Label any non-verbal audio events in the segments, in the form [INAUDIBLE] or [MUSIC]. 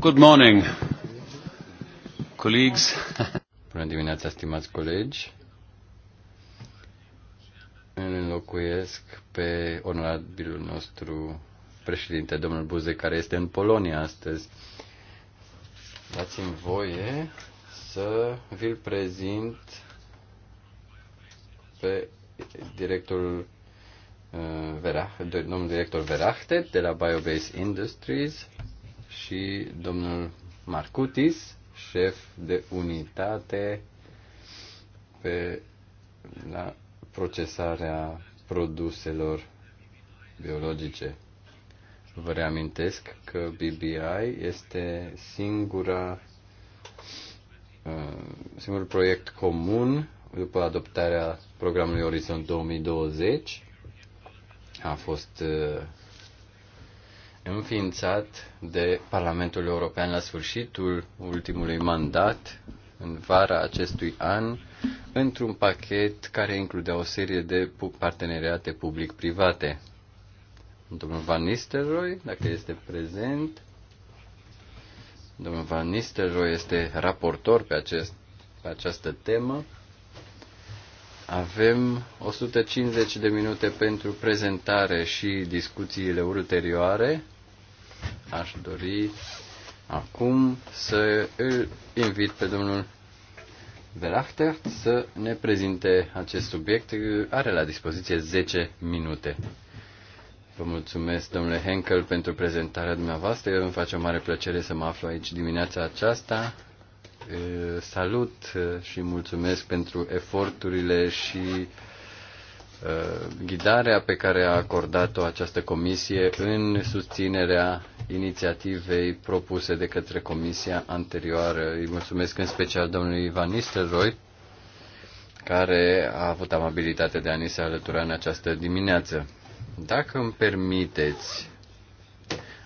Good morning, colleagues. Bună dimineața, stimați colegi. Îl înlocuiesc pe onorabilul nostru președinte, domnul Buze, care este în Polonia astăzi. Dați-mi voie să vi-l prezint pe directorul uh, Verah, domnul director Verachte de la Biobase Industries, și domnul Marcutis, șef de unitate pe, la procesarea produselor biologice. Vă reamintesc că BBI este singura, uh, singurul proiect comun după adoptarea programului Orizont 2020. A fost uh, înființat de Parlamentul European la sfârșitul ultimului mandat, în vara acestui an, într-un pachet care includea o serie de parteneriate public-private. Domnul Van Nistelrooy, dacă este prezent, domnul Van Nistelrooy este raportor pe, acest, pe această temă. Avem 150 de minute pentru prezentare și discuțiile ulterioare. Aș dori acum să îl invit pe domnul Verachter să ne prezinte acest subiect. Are la dispoziție 10 minute. Vă mulțumesc, domnule Henkel, pentru prezentarea dumneavoastră. Îmi face o mare plăcere să mă aflu aici dimineața aceasta. Salut și mulțumesc pentru eforturile și Uh, ghidarea pe care a acordat-o această comisie în susținerea inițiativei propuse de către comisia anterioară. Îi mulțumesc în special domnului Ivan Nistelrooy, care a avut amabilitatea de a ni se alătura în această dimineață. Dacă îmi permiteți,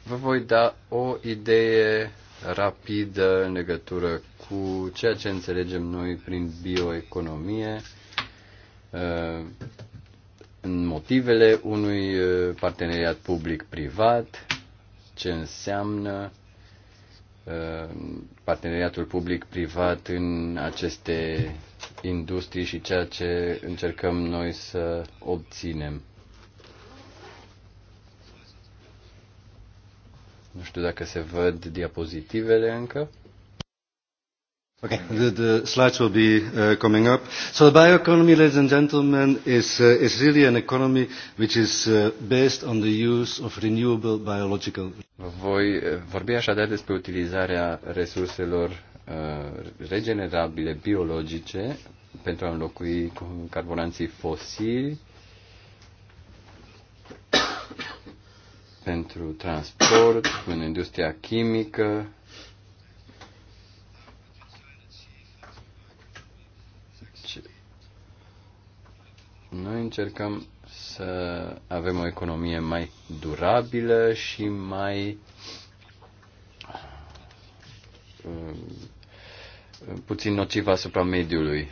vă voi da o idee rapidă în legătură cu ceea ce înțelegem noi prin bioeconomie uh, în motivele unui parteneriat public-privat, ce înseamnă parteneriatul public-privat în aceste industrii și ceea ce încercăm noi să obținem. Nu știu dacă se văd diapozitivele încă. Okay, the, the slides will be uh, coming up. So the bioeconomy, ladies and gentlemen, is, uh, is really an economy which is uh, based on the use of renewable biological. Voi uh, vorbi așadar despre utilizarea resurselor uh, regenerabile biologice pentru a înlocui carburanții fosili [COUGHS] pentru transport, în industria chimică, Noi încercăm să avem o economie mai durabilă și mai um, puțin nocivă asupra mediului.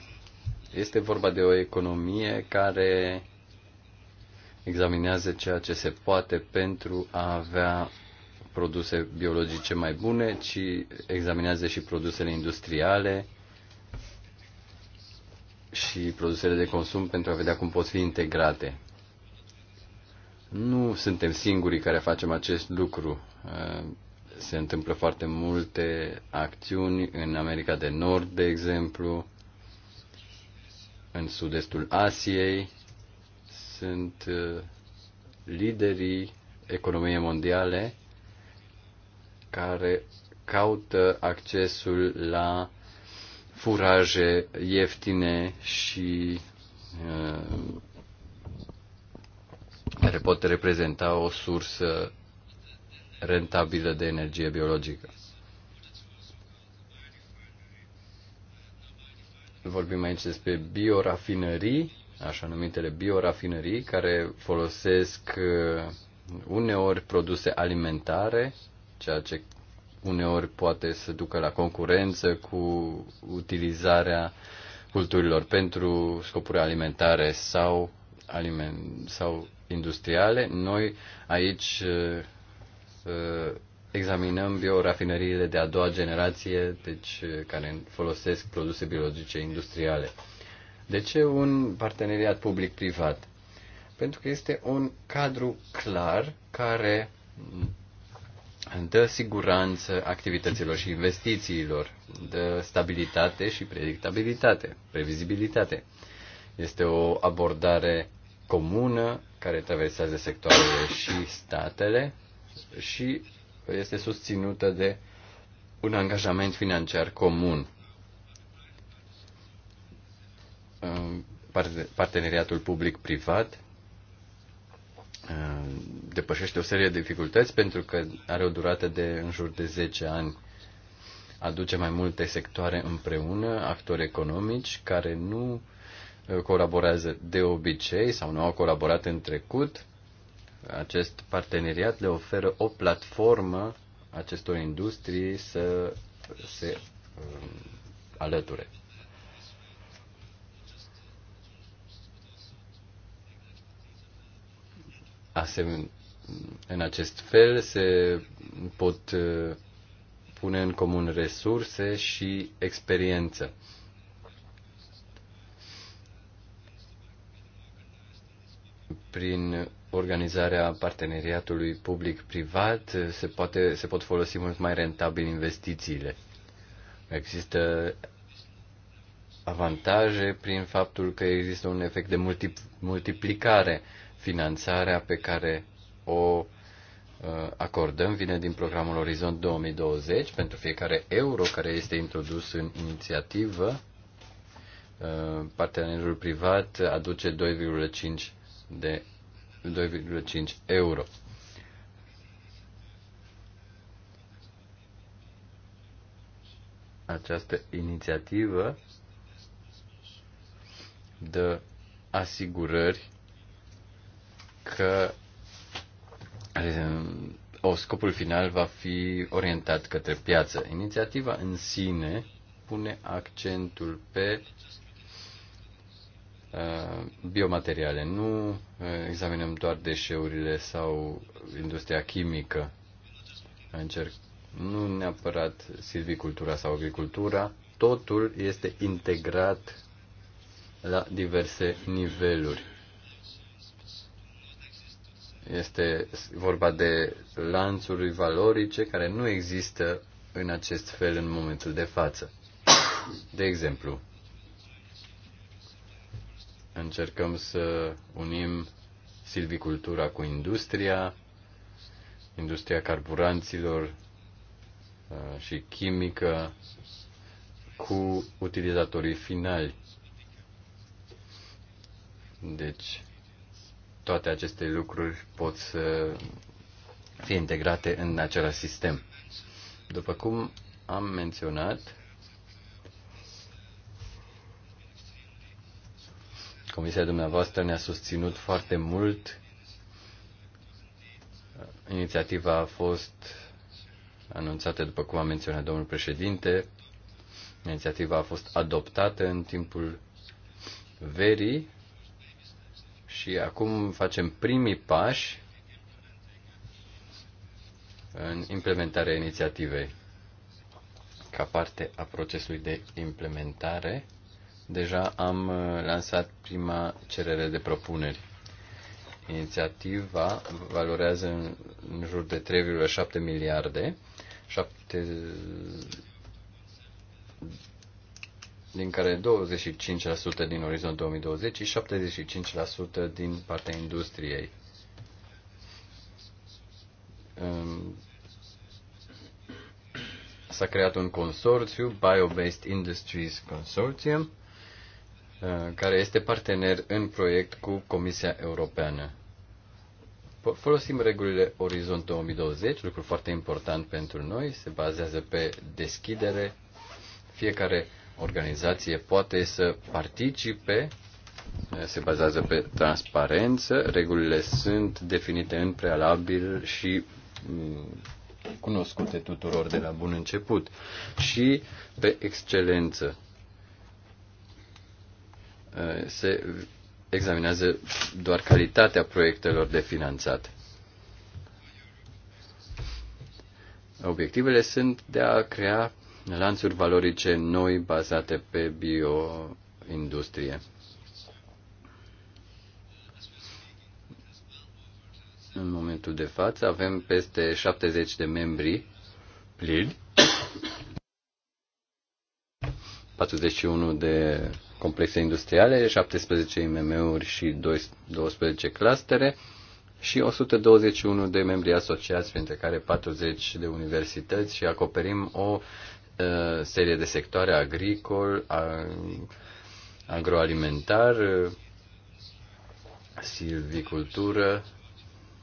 Este vorba de o economie care examinează ceea ce se poate pentru a avea produse biologice mai bune, ci examinează și produsele industriale, și produsele de consum pentru a vedea cum pot fi integrate. Nu suntem singurii care facem acest lucru. Uh, se întâmplă foarte multe acțiuni în America de Nord, de exemplu, în sud-estul Asiei. Sunt uh, liderii economiei mondiale care caută accesul la furaje ieftine și uh, care pot reprezenta o sursă rentabilă de energie biologică. Vorbim aici despre biorafinării, așa numitele biorafinării, care folosesc uh, uneori produse alimentare, ceea ce uneori poate să ducă la concurență cu utilizarea culturilor pentru scopuri alimentare sau, aliment, sau industriale. Noi aici eh, examinăm biorafinăriile de a doua generație, deci eh, care folosesc produse biologice industriale. De ce un parteneriat public-privat? Pentru că este un cadru clar care dă siguranță activităților și investițiilor, dă stabilitate și predictabilitate, previzibilitate. Este o abordare comună care traversează sectoarele și statele și este susținută de un angajament financiar comun. Parteneriatul public-privat Uh, depășește o serie de dificultăți pentru că are o durată de în jur de 10 ani. Aduce mai multe sectoare împreună, actori economici care nu uh, colaborează de obicei sau nu au colaborat în trecut. Acest parteneriat le oferă o platformă acestor industrii să se uh, alăture. asemenea, în acest fel se pot uh, pune în comun resurse și experiență. Prin organizarea parteneriatului public-privat se, poate, se pot folosi mult mai rentabil investițiile. Există avantaje prin faptul că există un efect de multiplicare finanțarea pe care o uh, acordăm vine din programul Orizont 2020 pentru fiecare euro care este introdus în inițiativă. Uh, partenerul privat aduce 2,5 de 2,5 euro. Această inițiativă dă asigurări că um, o scopul final va fi orientat către piață. Inițiativa în sine pune accentul pe uh, biomateriale. Nu uh, examinăm doar deșeurile sau industria chimică. Încerc nu neapărat silvicultura sau agricultura. Totul este integrat la diverse niveluri. Este vorba de lanțuri valorice care nu există în acest fel în momentul de față. De exemplu, încercăm să unim silvicultura cu industria, industria carburanților uh, și chimică cu utilizatorii finali. Deci, toate aceste lucruri pot să fie integrate în același sistem. După cum am menționat, Comisia dumneavoastră ne-a susținut foarte mult. Inițiativa a fost anunțată, după cum a menționat domnul președinte. Inițiativa a fost adoptată în timpul verii și acum facem primii pași în implementarea inițiativei. Ca parte a procesului de implementare, deja am uh, lansat prima cerere de propuneri. Inițiativa valorează în, în jur de 3,7 miliarde, 7 din care 25% din orizont 2020 și 75% din partea industriei. S-a creat un consorțiu, bio-based Industries Consortium, uh, care este partener în proiect cu Comisia Europeană. Folosim regulile Orizont 2020, lucru foarte important pentru noi, se bazează pe deschidere. Fiecare organizație poate să participe se bazează pe transparență, regulile sunt definite în prealabil și mm, cunoscute tuturor de la bun început și pe excelență. Eh, se examinează doar calitatea proiectelor de finanțat. Obiectivele sunt de a crea lanțuri valorice noi bazate pe bioindustrie. În momentul de față avem peste 70 de membri plini, 41 de complexe industriale, 17 IMM-uri și 12 clastere și 121 de membri asociați, printre care 40 de universități și acoperim o Uh, serie de sectoare agricol, agroalimentar, silvicultură,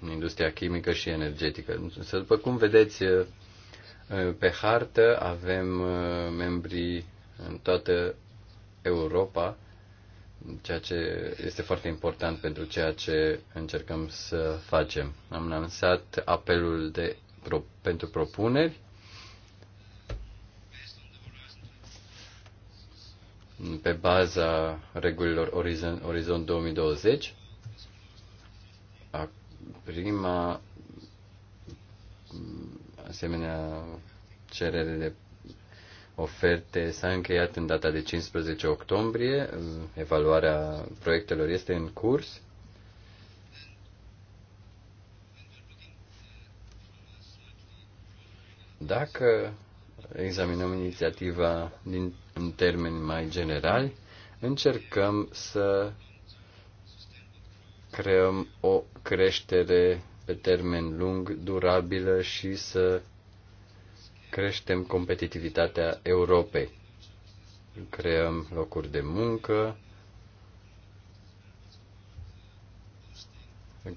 industria chimică și energetică. Să după cum vedeți uh, pe hartă, avem uh, membrii în toată Europa, ceea ce este foarte important pentru ceea ce încercăm să facem. Am lansat apelul de, pro, pentru propuneri pe baza regulilor Orizont Orizon 2020. A prima asemenea cerere de oferte s-a încheiat în data de 15 octombrie. Evaluarea proiectelor este în curs. Dacă examinăm inițiativa din, în termeni mai generali, încercăm să creăm o creștere pe termen lung, durabilă și să creștem competitivitatea Europei. Creăm locuri de muncă,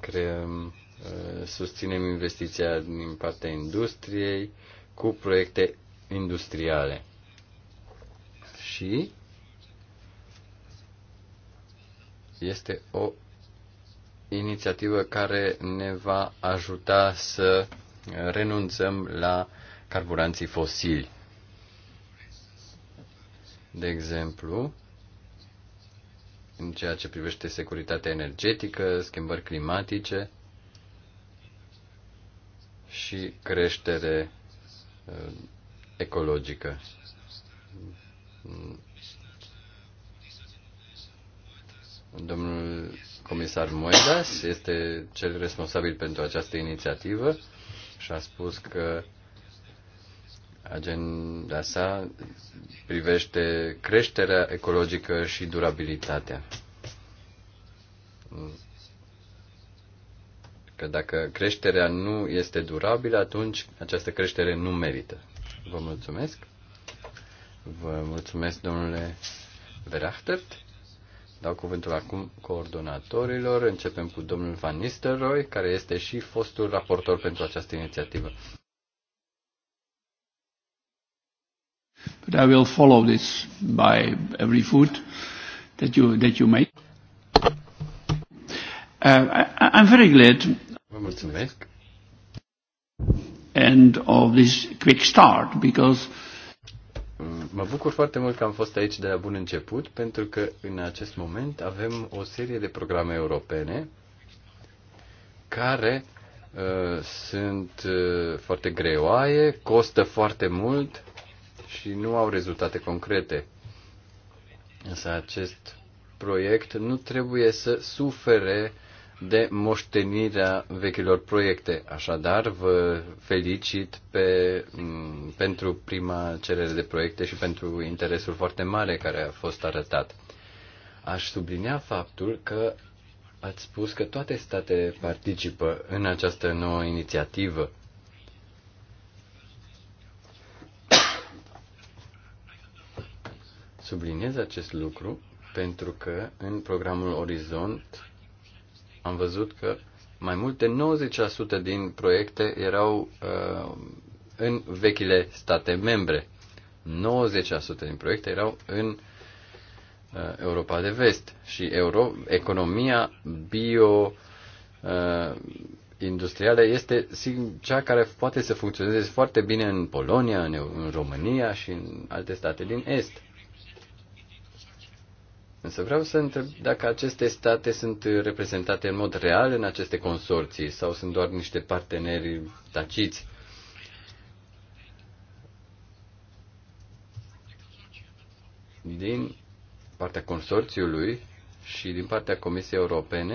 creăm, ă, susținem investiția din partea industriei cu proiecte industriale. Și este o inițiativă care ne va ajuta să renunțăm la carburanții fosili. De exemplu, în ceea ce privește securitatea energetică, schimbări climatice și creștere uh, ecologică. Domnul comisar Moedas este cel responsabil pentru această inițiativă și a spus că agenda sa privește creșterea ecologică și durabilitatea. Că dacă creșterea nu este durabilă, atunci această creștere nu merită. Vă mulțumesc. Vă mulțumesc, domnule Verachtert. Dau cuvântul acum coordonatorilor. Începem cu domnul Van Nistelrooy, care este și fostul raportor pentru această inițiativă. But I will follow this by every foot that you, that you make. Uh, I, I'm very glad. Vă mulțumesc end of this quick start because Mă bucur foarte mult că am fost aici de la bun început, pentru că în acest moment avem o serie de programe europene care uh, sunt uh, foarte greoaie, costă foarte mult și nu au rezultate concrete. Însă acest proiect nu trebuie să sufere uh, de moștenirea vechilor proiecte. Așadar, vă felicit pe, pentru prima cerere de proiecte și pentru interesul foarte mare care a fost arătat. Aș sublinia faptul că ați spus că toate statele participă în această nouă inițiativă. Subliniez acest lucru pentru că în programul Orizont am văzut că mai multe 90% din proiecte erau uh, în vechile state membre. 90% din proiecte erau în uh, Europa de Vest și euro, economia bio uh, industrială este cea care poate să funcționeze foarte bine în Polonia, în, în România și în alte state din Est. Însă vreau să întreb dacă aceste state sunt reprezentate în mod real în aceste consorții sau sunt doar niște parteneri taciți. Din partea consorțiului și din partea Comisiei Europene,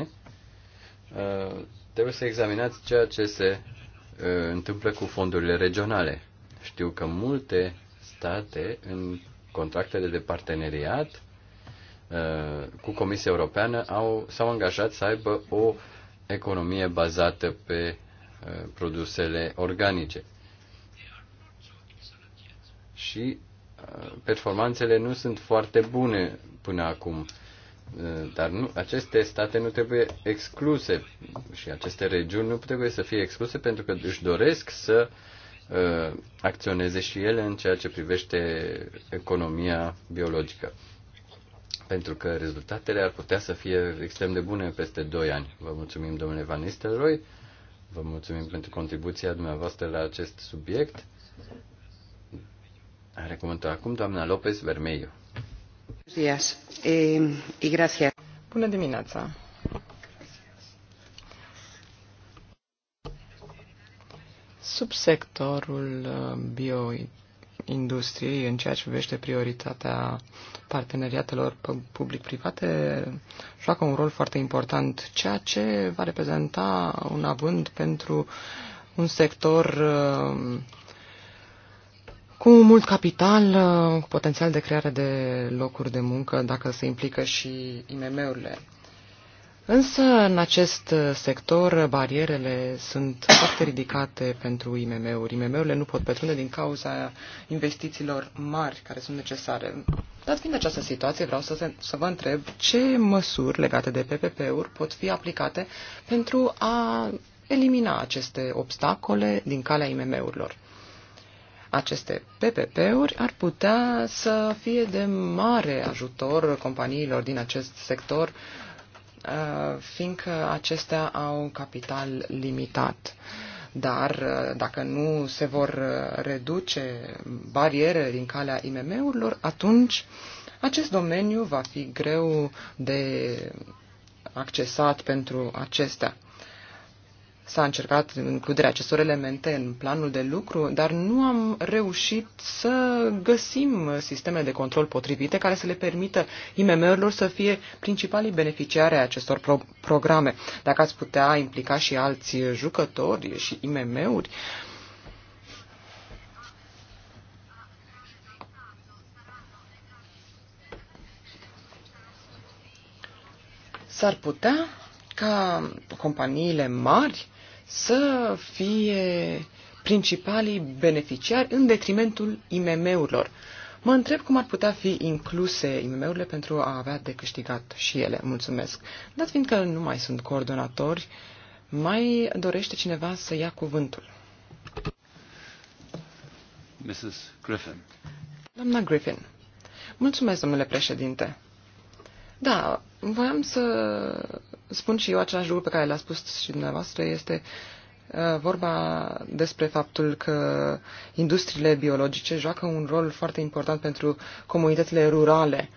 uh, trebuie să examinați ceea ce se uh, întâmplă cu fondurile regionale. Știu că multe state în contractele de parteneriat Uh, cu Comisia Europeană au, s-au angajat să aibă o economie bazată pe uh, produsele organice. Și uh, performanțele nu sunt foarte bune până acum, dar nu, aceste state nu trebuie excluse și aceste regiuni nu trebuie să fie excluse pentru că își doresc să acționeze și ele în ceea ce privește economia biologică pentru că rezultatele ar putea să fie extrem de bune peste 2 ani. Vă mulțumim, domnule Van Nistelrooy, vă mulțumim pentru contribuția dumneavoastră la acest subiect. Are cuvântul acum doamna López Vermelho. Eh, Bună dimineața! Subsectorul eh, bioid industriei în ceea ce privește prioritatea parteneriatelor public-private joacă un rol foarte important, ceea ce va reprezenta un avânt pentru un sector um, cu mult capital, um, cu potențial de creare de locuri de muncă, dacă se implică și IMM-urile. Însă, în acest sector, barierele sunt foarte ridicate pentru IMM-uri. IMM-urile nu pot pătrunde din cauza investițiilor mari care sunt necesare. Dat fiind această situație, vreau să, se, să vă întreb ce măsuri legate de PPP-uri pot fi aplicate pentru a elimina aceste obstacole din calea IMM-urilor. Aceste PPP-uri ar putea să fie de mare ajutor companiilor din acest sector uh, Uh, fiindcă acestea au capital limitat. Dar uh, dacă nu se vor uh, reduce bariere din calea IMM-urilor, atunci acest domeniu va fi greu de accesat pentru acestea. S-a încercat includerea acestor elemente în planul de lucru, dar nu am reușit să găsim sisteme de control potrivite care să le permită IMM-urilor să fie principalii beneficiari ai acestor pro- programe. Dacă ați putea implica și alți jucători și IMM-uri, s-ar putea ca companiile mari să fie principalii beneficiari în detrimentul IMM-urilor. Mă întreb cum ar putea fi incluse IMM-urile pentru a avea de câștigat și ele. Mulțumesc. Dat fiindcă nu mai sunt coordonatori, mai dorește cineva să ia cuvântul. Mrs. Griffin. Doamna Griffin. Mulțumesc, domnule președinte. Da, voiam să spun și eu același lucru pe care l-a spus și dumneavoastră, este uh, vorba despre faptul că industriile biologice joacă un rol foarte important pentru comunitățile rurale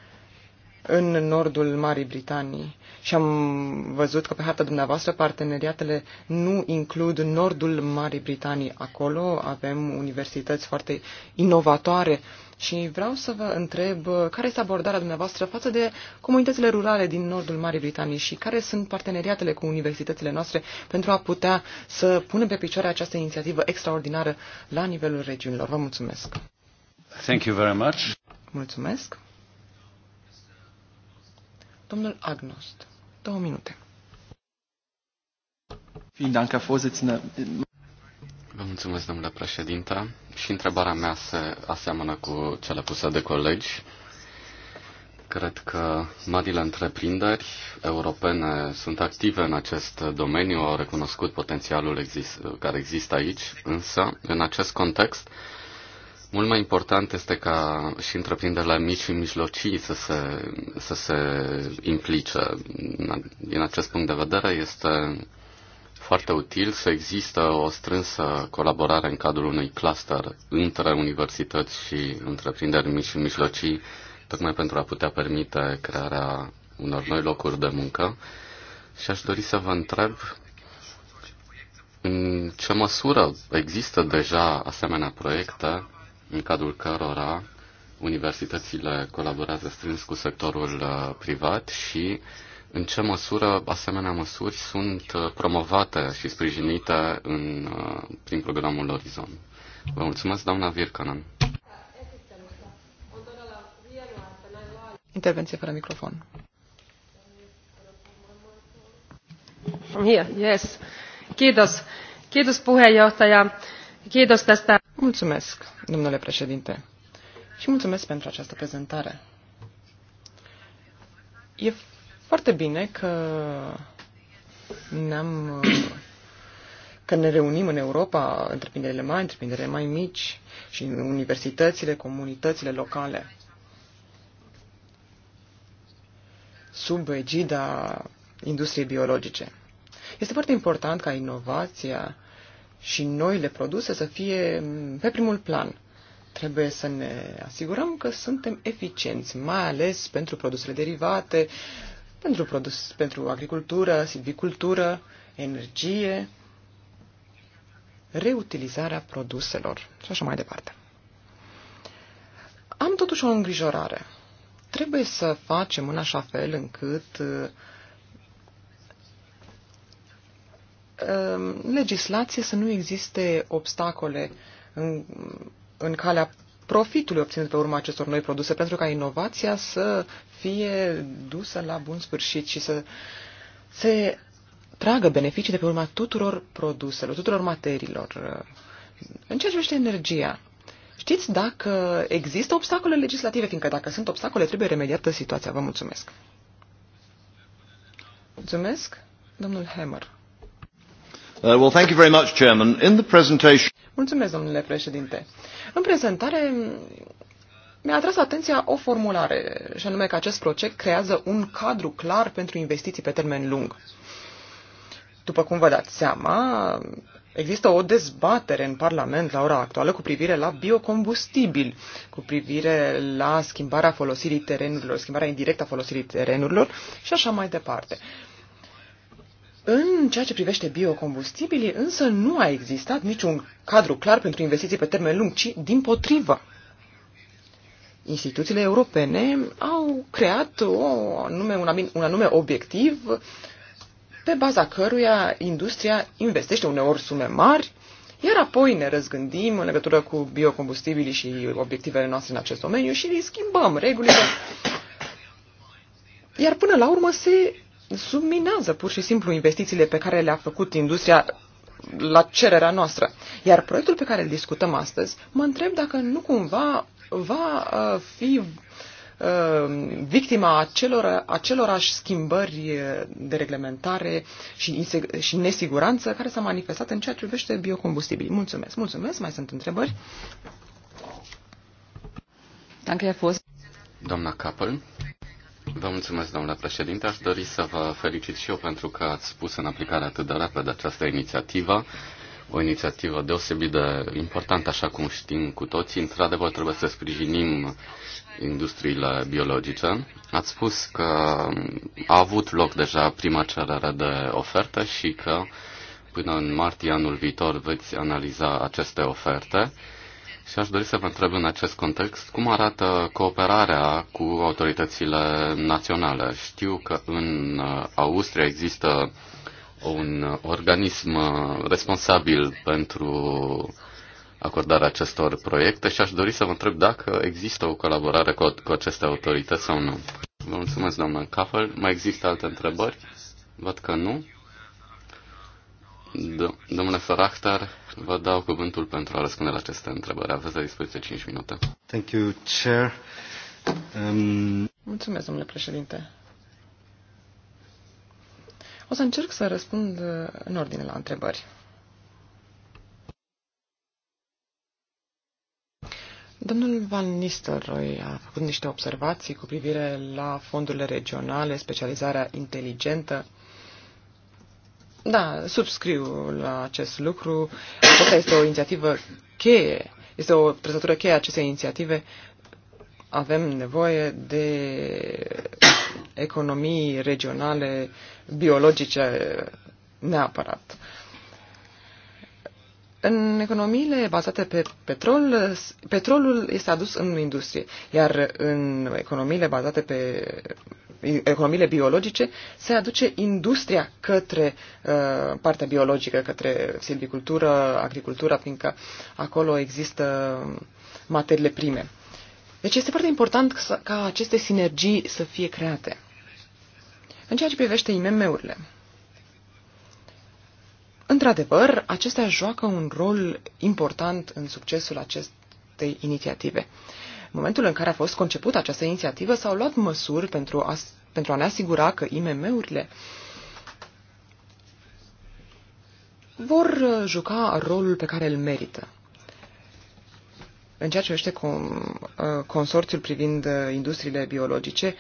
în nordul Marii Britanii. Și am văzut că pe harta dumneavoastră parteneriatele nu includ nordul Marii Britanii. Acolo avem universități foarte inovatoare uh, și vreau să vă întreb uh, care este abordarea dumneavoastră față de comunitățile rurale din nordul Marii Britanii și care sunt parteneriatele cu universitățile noastre pentru a putea să punem pe picioare această inițiativă extraordinară la nivelul regiunilor. Vă mulțumesc! Thank you very much. Mulțumesc! Domnul Agnost, două minute. Vielen Dank, Herr Vorsitzender. Vă mulțumesc, domnule președinte. Și întrebarea mea se aseamănă cu cele puse de colegi. Cred că marile întreprinderi europene sunt active în acest domeniu, au recunoscut potențialul exist, care există aici, însă, în acest context, mult mai important este ca și întreprinderile mici și mijlocii să se, să se implice. Din acest punct de vedere, este foarte util să există o strânsă colaborare în cadrul unui cluster între universități și întreprinderi mici și mijlocii, tocmai pentru a putea permite crearea unor noi locuri de muncă. Și aș dori să vă întreb în ce măsură există deja asemenea proiecte în cadrul cărora universitățile colaborează strâns cu sectorul uh, privat și în ce măsură asemenea măsuri sunt uh, promovate și sprijinite în, uh, prin programul Orizon? Vă mulțumesc, doamna Virkanen. Intervenție fără microfon. yes. Kiitos. Kiitos puheenjohtaja. Kiitos tästä. Mulțumesc, domnule președinte. Și mulțumesc pentru această prezentare. E foarte bine că ne-am că ne reunim în Europa, întreprinderile mai întreprinderile mai mici și universitățile, comunitățile locale. sub egida industriei biologice. Este foarte important ca inovația și noile produse să fie pe primul plan. Trebuie să ne asigurăm că suntem eficienți, mai ales pentru produsele derivate, uh, pentru, produs, pentru agricultură, silvicultură, energie, reutilizarea produselor și așa mai departe. Am totuși o îngrijorare. Trebuie să facem în așa fel încât uh, legislație să nu existe obstacole în, în calea profitului obținut pe urma acestor noi produse, pentru ca inovația să fie dusă la bun sfârșit și să se tragă beneficii de pe urma tuturor produselor, tuturor materiilor. În ceea ce privește energia, știți dacă există obstacole legislative, fiindcă dacă sunt obstacole, trebuie remediată situația. Vă mulțumesc. Mulțumesc, domnul Hammer. Uh, well, thank you very much, Chairman. In the presentation... Mulțumesc, domnule președinte. În prezentare mi-a atras atenția o formulare, și anume că acest proiect creează un cadru clar pentru investiții pe termen lung. După cum vă dați seama, există o dezbatere în Parlament la ora actuală cu privire la biocombustibil, cu privire la schimbarea folosirii terenurilor, schimbarea indirectă a folosirii terenurilor și așa mai departe. Uh, în ceea ce privește biocombustibilii, însă nu a existat niciun cadru clar pentru investiții pe termen lung, ci din potrivă. Instituțiile europene au creat o anume, un, anume, un anume obiectiv pe baza căruia industria investește uneori sume mari, iar apoi ne răzgândim în legătură cu biocombustibilii și obiectivele noastre în acest domeniu și schimbăm regulile. Iar până la urmă se subminează pur și simplu investițiile pe care le-a făcut industria la cererea noastră. Iar proiectul pe care îl discutăm astăzi, mă întreb dacă nu cumva va uh, fi uh, victima acelor, acelorași schimbări de reglementare și, și nesiguranță care s-a manifestat în ceea ce privește biocombustibilii. Mulțumesc, mulțumesc, mai sunt întrebări. Danke, Herr Doamna Capel. Vă mulțumesc, domnule președinte. Aș dori să vă felicit și eu pentru că ați pus în aplicare atât de repede această inițiativă o inițiativă deosebit de importantă, așa cum știm cu toții. Într-adevăr, trebuie să sprijinim industriile biologice. Ați spus că a avut loc deja prima cerere de ofertă și că până în martie anul viitor veți analiza aceste oferte și aș dori să vă întreb în acest context cum arată cooperarea cu autoritățile naționale. Știu că în uh, Austria există un organism uh, responsabil pentru acordarea acestor proiecte și aș dori să vă întreb dacă există o colaborare cu, cu aceste autorități sau nu. Vă mulțumesc, doamnă Kaffel. Mai există alte întrebări? Văd că nu. Do- domnule Ferachtar, Vă dau cuvântul pentru a răspunde la aceste întrebări. Aveți la dispoziție 5 minute. Thank you, Chair. Um... Mulțumesc, domnule președinte. O să încerc să răspund în ordine la întrebări. Domnul Van Nistelrooy a făcut niște observații cu privire la fondurile regionale, specializarea inteligentă da, subscriu la acest lucru. Aceasta este o inițiativă cheie, este o trăsătură cheie a acestei inițiative. Avem nevoie de economii regionale, biologice, neapărat. În economiile bazate pe petrol, petrolul este adus în industrie, iar în economiile bazate pe economiile biologice se aduce industria către uh, partea biologică, către silvicultură, agricultura, fiindcă acolo există materiile prime. Deci este foarte important ca aceste sinergii să fie create. În ceea ce privește IMM-urile, Într-adevăr, acestea joacă un rol important în succesul acestei inițiative. În momentul în care a fost concepută această inițiativă, s-au luat măsuri pentru a, pentru a ne asigura că IMM-urile vor uh, juca rolul pe care îl merită. În ceea ce privește uh, consorțiul privind uh, industriile biologice,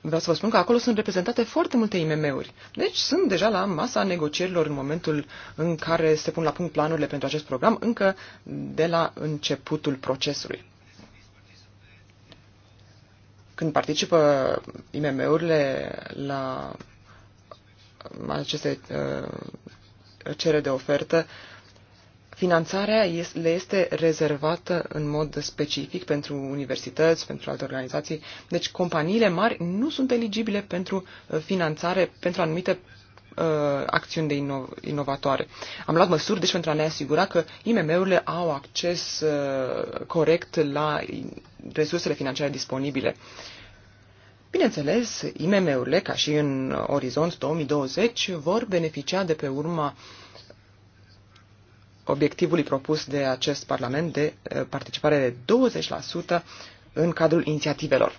vreau să vă spun că acolo sunt reprezentate foarte multe IMM-uri. Deci sunt deja la masa negocierilor în momentul în care se pun la punct planurile pentru acest program, încă de la începutul procesului. Când participă IMM-urile la aceste uh, cereri de ofertă, uh, Finanțarea le este rezervată în mod specific pentru universități, pentru alte organizații. Deci companiile mari nu sunt eligibile pentru uh, finanțare pentru anumite uh, acțiuni de ino- inovatoare. Am luat măsuri deci pentru a ne asigura că IMM-urile au acces uh, corect la resursele financiare disponibile. Bineînțeles, IMM-urile, ca și în Orizont 2020, vor beneficia de pe urma uh, obiectivului propus de acest Parlament de uh, participare de 20% în cadrul inițiativelor.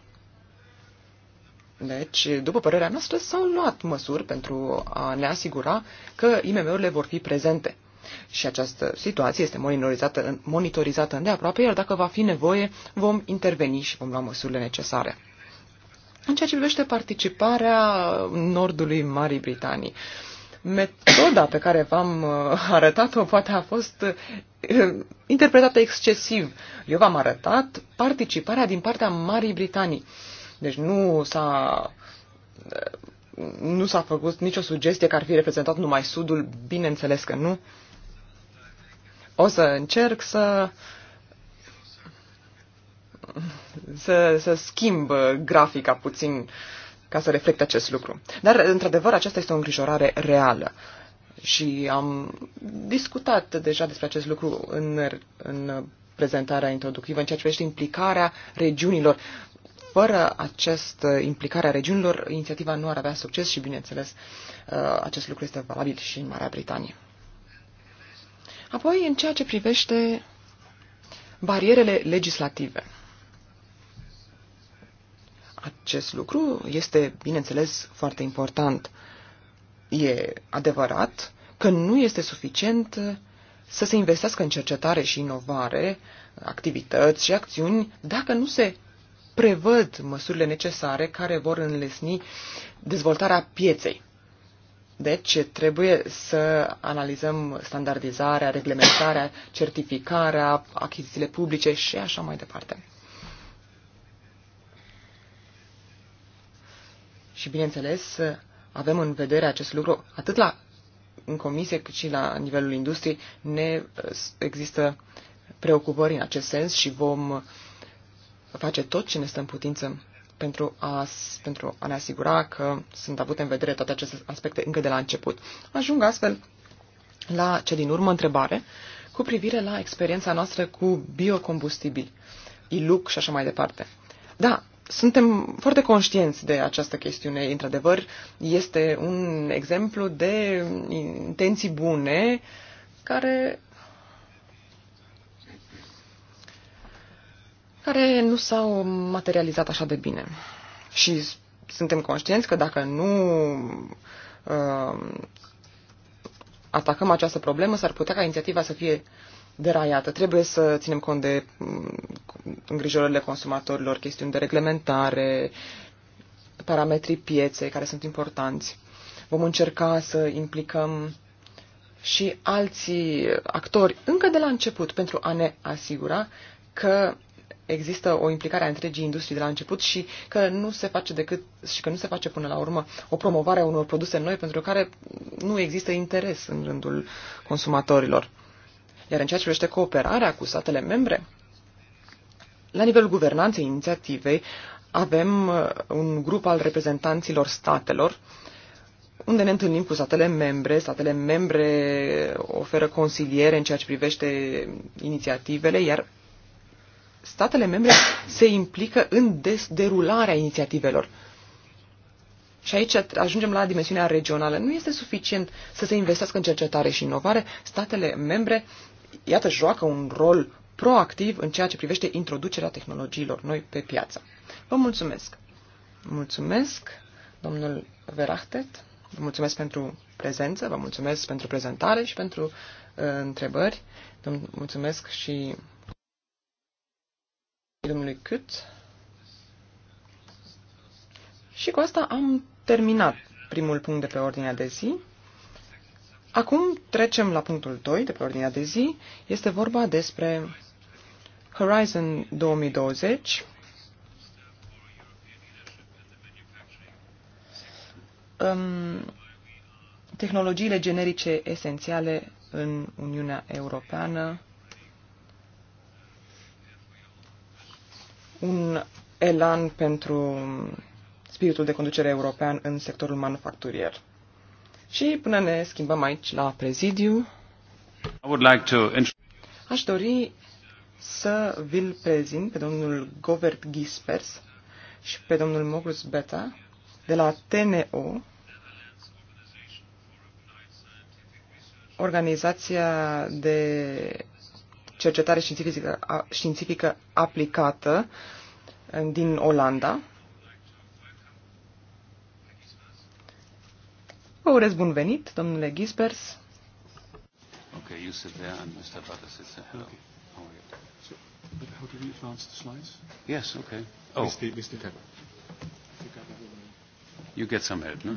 Deci, după părerea noastră, s-au luat măsuri pentru a ne asigura că IMM-urile vor fi prezente. Și această situație este monitorizată, monitorizată îndeaproape, iar dacă va fi nevoie, vom interveni și vom lua măsurile necesare. În ceea ce privește participarea Nordului Marii Britanii, uh, metoda pe care v-am uh, arătat-o poate a fost uh, interpretată excesiv. Eu v-am arătat participarea din partea Marii Britanii. Deci nu s-a uh, nu s-a făcut nicio sugestie că ar fi reprezentat numai Sudul, bineînțeles că nu. O să încerc să să, să schimb grafica puțin ca să reflecte acest lucru. Dar, într-adevăr, aceasta este o îngrijorare reală. Și am discutat deja despre acest lucru în, în prezentarea introductivă, în ceea ce privește implicarea regiunilor. Fără această implicare a regiunilor, inițiativa nu ar avea succes și, bineînțeles, uh, acest lucru este valabil și în Marea Britanie. Apoi, în ceea ce privește barierele legislative – acest lucru este, bineînțeles, foarte important. E adevărat că nu este suficient să se investească în cercetare și inovare, activități și acțiuni, dacă nu se prevăd măsurile necesare care vor înlesni dezvoltarea pieței. Deci trebuie să analizăm standardizarea, reglementarea, certificarea, achizițiile publice și așa mai departe. Și, bineînțeles, avem în vedere acest lucru atât la, în comisie cât și la nivelul industriei. Ne ă, există preocupări în acest sens și vom face tot ce ne stă în putință pentru a, pentru a ne asigura că sunt avute în vedere toate aceste aspecte încă de la început. Ajung astfel la ce din urmă întrebare cu privire la experiența noastră cu biocombustibili, iluc și așa mai departe. Da, suntem foarte conștienți de această chestiune. Într-adevăr, este un exemplu de intenții bune care, care nu s-au materializat așa de bine. Și suntem conștienți că dacă nu uh, atacăm această problemă, s-ar putea ca inițiativa să fie deraiată. Trebuie să ținem cont de mm, îngrijorările consumatorilor, chestiuni de reglementare, parametrii pieței care sunt importanți. Vom încerca să implicăm și alții actori încă de la început pentru a ne asigura că există o implicare a întregii industrii de la început și că nu se face decât și că nu se face până la urmă o promovare a unor produse noi pentru care nu există interes în rândul consumatorilor. Iar în ceea ce privește cooperarea cu statele membre, la nivelul guvernanței inițiativei avem uh, un grup al reprezentanților statelor unde ne întâlnim cu statele membre. Statele membre oferă consiliere în ceea ce privește inițiativele, iar statele membre se implică în derularea inițiativelor. Și aici ajungem la dimensiunea regională. Nu este suficient să se investească în cercetare și inovare. Statele membre iată, joacă un rol proactiv în ceea ce privește introducerea tehnologiilor noi pe piață. Vă mulțumesc! Mulțumesc, domnul Verachtet, vă mulțumesc pentru prezență, vă mulțumesc pentru prezentare și pentru uh, întrebări. Mulțumesc și domnului Cât. Și cu asta am terminat primul punct de pe ordinea de zi. Acum trecem la punctul 2 de pe ordinea de zi. Este vorba despre Horizon 2020, um, tehnologiile generice esențiale în Uniunea Europeană, un elan pentru spiritul de conducere european în sectorul manufacturier. Și până ne schimbăm aici la prezidiu, aș dori să vi-l prezint pe domnul Govert Gispers și pe domnul Mogus Beta de la TNO, Organizația de Cercetare Științifică, Științifică Aplicată din Olanda, Vă urez bun venit, domnule Gispers. Ok, you sit there and Mr. Butter sits there. Hello. Okay. How are you? So, but how do you advance the slides? Yes, okay. Oh. Mr. Mr. Tepper. You get some help, no?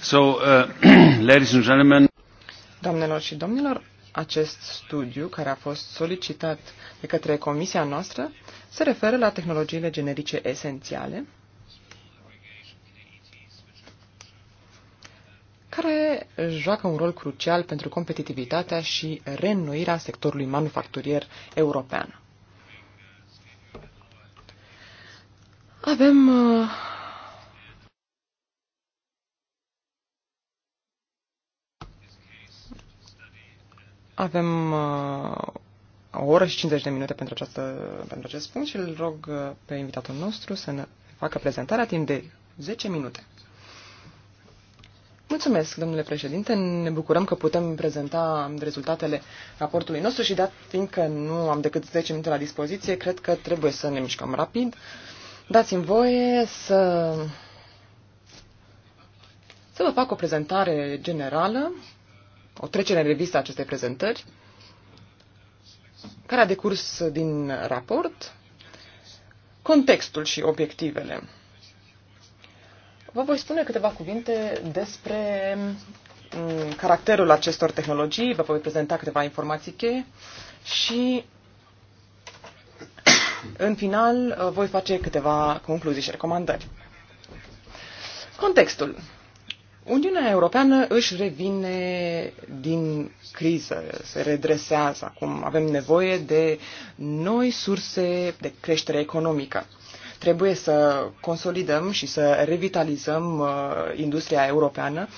so, uh, [CLEARS THROAT] ladies and gentlemen. Doamnelor și domnilor, acest studiu, care a fost solicitat de către comisia noastră, se referă la tehnologiile generice esențiale, care joacă un rol crucial pentru competitivitatea și reînnoirea sectorului manufacturier european. Avem uh, Avem uh, o oră și 50 de minute pentru, această, pentru acest punct și îl rog uh, pe invitatul nostru să ne facă prezentarea timp de 10 minute. Mulțumesc, domnule președinte. Ne bucurăm că putem prezenta rezultatele raportului nostru și dat fiindcă nu am decât 10 minute la dispoziție, cred că trebuie să ne mișcăm rapid. Dați-mi voie să, să vă fac o prezentare generală o trecere în revistă a acestei prezentări, care a decurs din raport, contextul și obiectivele. Vă voi spune câteva cuvinte despre mm, caracterul acestor tehnologii, vă voi prezenta câteva informații cheie și în final voi face câteva concluzii și recomandări. Contextul. Uniunea Europeană își revine din criză, se redresează acum. Avem nevoie de noi surse de creștere economică. Trebuie să consolidăm și să revitalizăm uh, industria europeană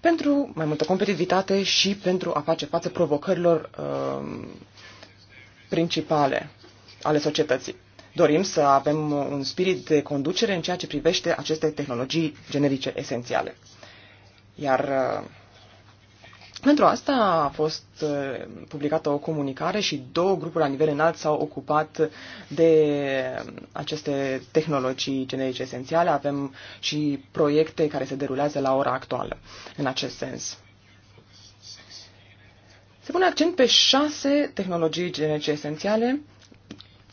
pentru mai multă competitivitate și pentru a face față provocărilor uh, principale ale societății dorim să avem un spirit de conducere în ceea ce privește aceste tehnologii generice esențiale. Iar uh, pentru asta a fost uh, publicată o comunicare și două grupuri la nivel înalt s-au ocupat de aceste tehnologii generice esențiale. Avem și proiecte care se derulează la ora actuală în acest sens. Se pune accent pe șase tehnologii generice esențiale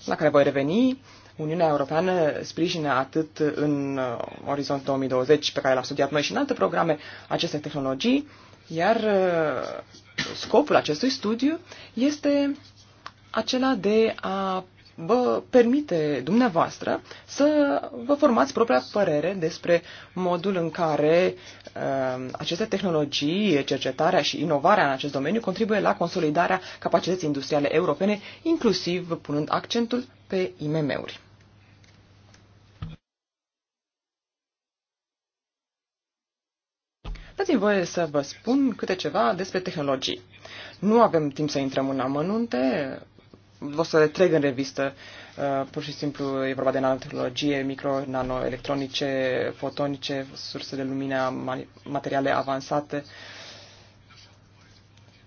la care voi reveni, Uniunea Europeană sprijină atât în uh, Orizont 2020, pe care l-am studiat noi și în alte programe, aceste tehnologii, iar uh, scopul acestui studiu este acela de a vă permite dumneavoastră să vă formați propria părere despre modul în care uh, aceste tehnologii, cercetarea și inovarea în acest domeniu contribuie la consolidarea capacității industriale europene, inclusiv punând accentul pe IMM-uri. Dați-mi voie să vă spun câte ceva despre tehnologii. Nu avem timp să intrăm în amănunte, o să le treg în revistă. Uh, pur și simplu e vorba de nanotehnologie, micro, nanoelectronice, fotonice, surse de lumină, materiale avansate,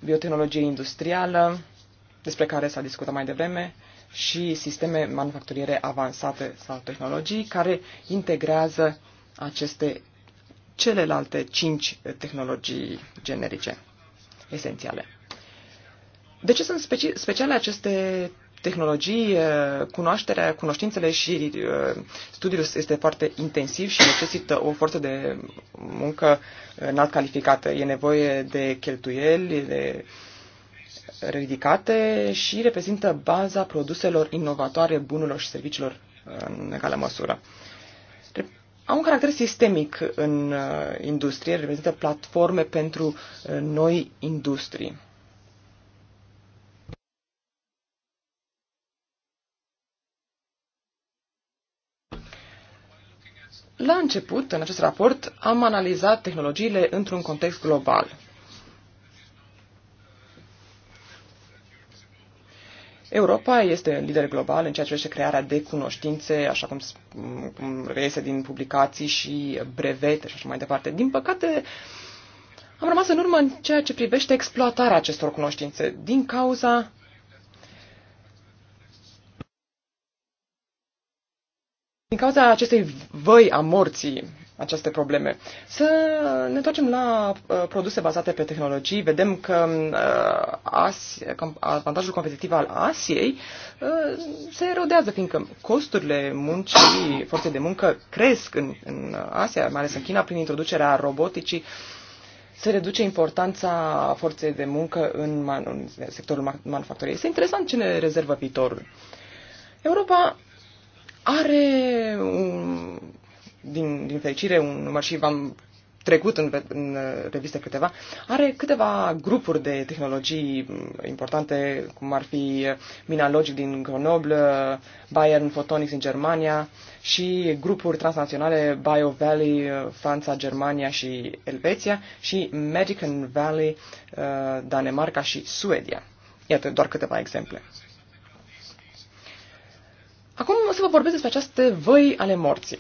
biotehnologie industrială, despre care s-a discutat mai devreme, și sisteme manufacturiere avansate sau tehnologii care integrează aceste celelalte cinci tehnologii generice esențiale. De ce sunt speci- speciale aceste tehnologii, cunoașterea, cunoștințele și studiul este foarte intensiv și necesită o forță de muncă înalt calificată. E nevoie de cheltuieli, de ridicate și reprezintă baza produselor inovatoare, bunurilor și serviciilor în egală măsură. Au un caracter sistemic în industrie, reprezintă platforme pentru noi industrii. La început, în acest raport, am analizat tehnologiile într-un context global. Europa este lider global în ceea ce privește crearea de cunoștințe, așa cum, cum reiese din publicații și brevete și așa mai departe. Din păcate, am rămas în urmă în ceea ce privește exploatarea acestor cunoștințe din cauza din cauza acestei văi a morții, aceste probleme. Să ne întoarcem la uh, produse bazate pe tehnologii. Vedem că, uh, Asia, avantajul competitiv al Asiei uh, se erodează, fiindcă costurile muncii, forței de muncă cresc în, în Asia, mai ales în China, prin introducerea roboticii. Se reduce importanța forței de muncă în, man- în sectorul manufacturier. Este interesant ce ne rezervă viitorul. Europa are, un, din, din fericire, un număr și v-am trecut în, în uh, reviste câteva, are câteva grupuri de tehnologii mm, importante, cum ar fi uh, Minalogic din Grenoble, uh, Bayern Photonics în Germania și grupuri transnaționale Bio Valley, Franța, Germania și Elveția și Medican Valley, Danemarca și Suedia. Iată doar câteva exemple. Acum o să vă vorbesc despre aceste văi ale morții.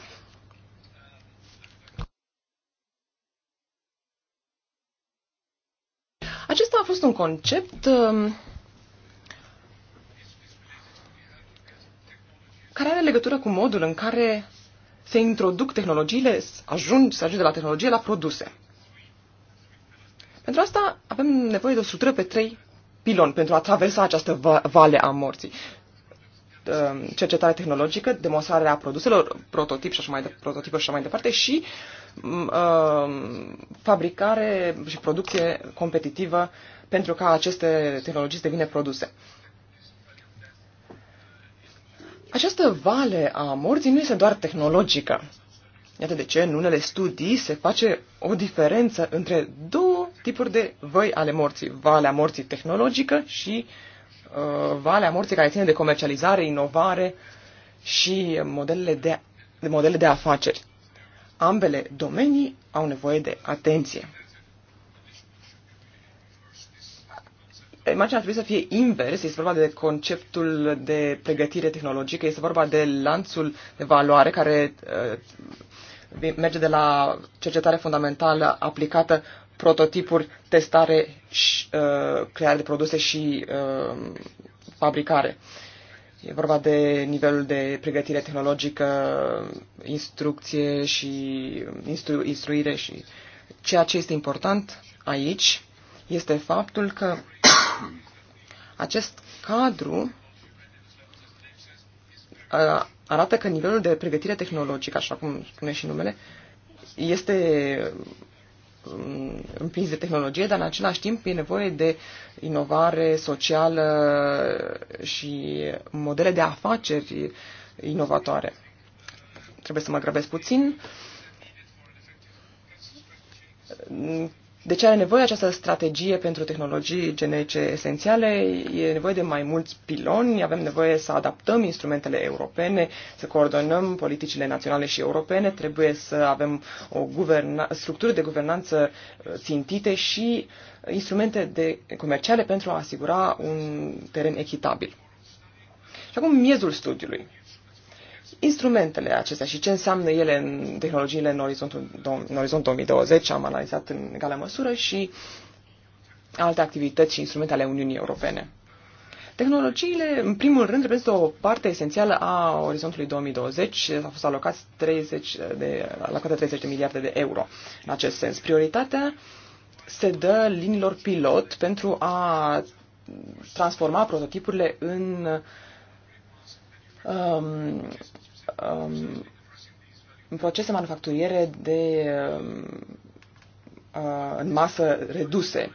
Acesta a fost un concept um, care are legătură cu modul în care se introduc tehnologiile, ajung, se ajunge de la tehnologie la produse. Pentru asta avem nevoie de o structură pe trei piloni pentru a traversa această vale a morții. Um, cercetare tehnologică, demonstrarea produselor, prototip și așa mai, de, prototipă și așa mai departe și uh, fabricare și producție competitivă pentru ca aceste tehnologii să devină produse. Această vale a morții nu este doar tehnologică. Iată de ce în unele studii se face o diferență între două tipuri de văi ale morții. Valea morții tehnologică și Uh, valea morții care ține de comercializare, inovare și modelele de, de, modele de afaceri. Ambele domenii au nevoie de atenție. Imaginea ar trebui să fie invers, este vorba de conceptul de pregătire tehnologică, este vorba de lanțul de valoare care uh, merge de la cercetare fundamentală aplicată prototipuri, testare, și, uh, creare de produse și uh, fabricare. E vorba de nivelul de pregătire tehnologică, instrucție și instru, instruire și ceea ce este important aici este faptul că [COUGHS] acest cadru uh, arată că nivelul de pregătire tehnologică, așa cum spune și numele, este împins de tehnologie, dar în același timp e nevoie de inovare socială și modele de afaceri inovatoare. Trebuie să mă grăbesc puțin de deci ce are nevoie această strategie pentru tehnologii generice esențiale? E nevoie de mai mulți piloni, avem nevoie să adaptăm instrumentele europene, să coordonăm politicile naționale și europene, trebuie să avem o guverna- de guvernanță uh, țintite și instrumente de comerciale pentru a asigura un teren echitabil. Și acum miezul studiului instrumentele acestea și ce înseamnă ele în tehnologiile în orizontul, în orizont 2020. Am analizat în egală măsură și alte activități și instrumente ale Uniunii Europene. Tehnologiile, în primul rând, reprezintă o parte esențială a orizontului 2020. A fost alocați 30 de, alocate 30 de miliarde de euro. În acest sens, prioritatea se dă linilor pilot pentru a transforma prototipurile în um, um, procese manufacturiere de um, uh, în masă reduse. Uh,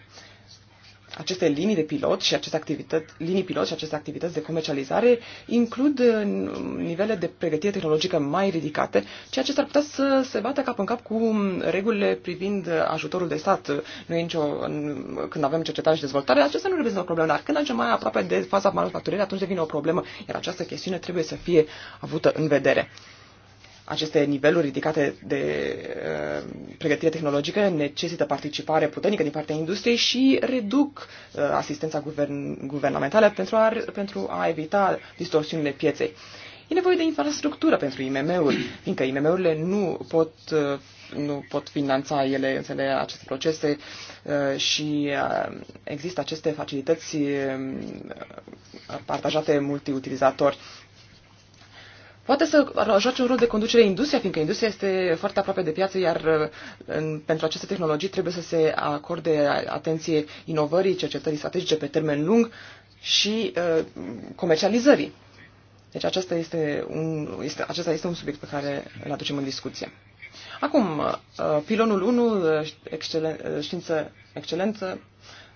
aceste linii de pilot și aceste activități, linii pilot și aceste activități de comercializare includ uh, nivele de pregătire tehnologică mai ridicate, ceea ce s-ar putea să se bată cap în cap cu um, regulile privind uh, ajutorul de stat. Noi nicio, în, când avem cercetare și dezvoltare, acestea nu reprezintă o problemă, dar când ajungem mai aproape de faza manufacturierii, atunci devine o problemă, iar această chestiune trebuie să fie avută în vedere aceste niveluri ridicate de uh, pregătire tehnologică necesită participare puternică din partea industriei și reduc uh, asistența guvern, guvernamentală pentru a, pentru a evita distorsiunile pieței. E nevoie de infrastructură pentru IMM-uri, fiindcă IMM-urile nu pot, uh, nu pot finanța ele înțele, aceste procese uh, și uh, există aceste facilități um, partajate multiutilizatori poate să joace un rol de conducere industria, fiindcă industria este foarte aproape de piață, iar uh, în, pentru aceste tehnologii trebuie să se acorde atenție inovării, cercetării strategice pe termen lung și uh, comercializării. Deci acesta este, un, este, acesta este un subiect pe care îl aducem în discuție. Acum, uh, pilonul 1, uh, excelen, știință excelentă.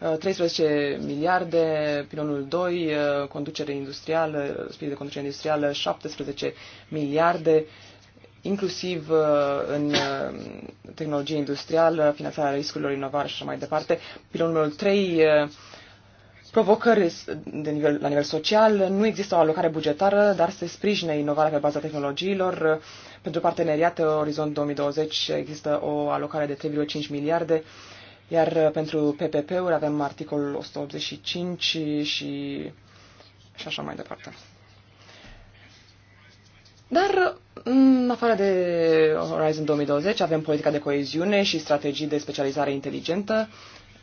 13 uh, miliarde, pilonul 2, uh, conducere industrială, spirit de conducere industrială, 17 miliarde, inclusiv uh, în tehnologie industrială, finanțarea riscurilor, inovare și așa mai departe. Pilonul 3, provocări de nivel, la nivel social, nu există o alocare bugetară, dar se sprijină inovarea pe baza tehnologiilor. Pentru parteneriate Orizont 2020 există o alocare de 3,5 miliarde iar uh, pentru PPP-uri avem articolul 185 și, și așa mai departe. Dar, mm, în afară de Horizon 2020, avem politica de coeziune și strategii de specializare inteligentă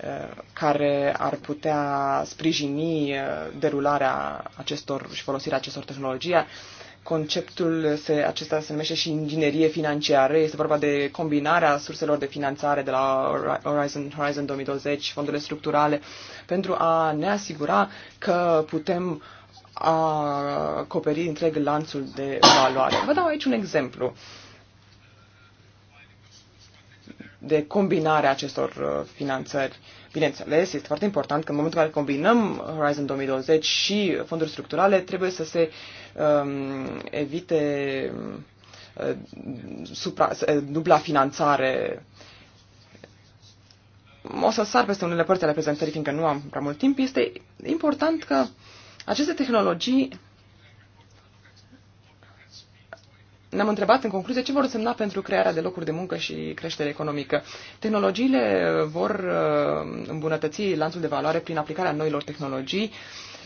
uh, care ar putea sprijini uh, derularea acestor și folosirea acestor tehnologii. Conceptul se, acesta se numește și inginerie financiară. Este vorba de combinarea surselor de finanțare de la Horizon, Horizon 2020, fondurile structurale, pentru a ne asigura că putem acoperi întreg lanțul de valoare. Vă dau aici un exemplu. Uh, de combinare a acestor uh, finanțări. Bineînțeles, este foarte important că în momentul în care combinăm Horizon 2020 și fonduri structurale, trebuie să se um, evite uh, supra, uh, dubla finanțare. O să sar peste unele părți ale prezentării, fiindcă nu am prea mult timp. Este important că aceste tehnologii Ne-am întrebat în concluzie ce vor însemna pentru crearea de locuri de muncă și creștere economică. Tehnologiile vor uh, îmbunătăți lanțul de valoare prin aplicarea noilor tehnologii.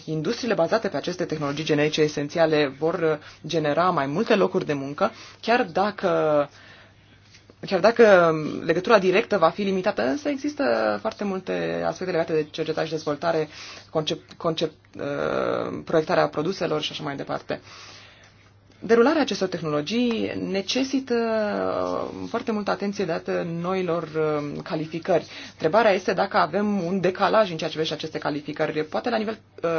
Industriile bazate pe aceste tehnologii generice esențiale vor uh, genera mai multe locuri de muncă, chiar dacă chiar dacă legătura directă va fi limitată, însă există foarte multe aspecte legate de cercetare și dezvoltare, concept, concept, uh, proiectarea produselor și așa mai departe. Uh, Derularea acestor tehnologii necesită uh, foarte multă atenție dată noilor uh, calificări. Întrebarea este dacă avem un decalaj în ceea ce privește aceste calificări. Poate la nivel uh,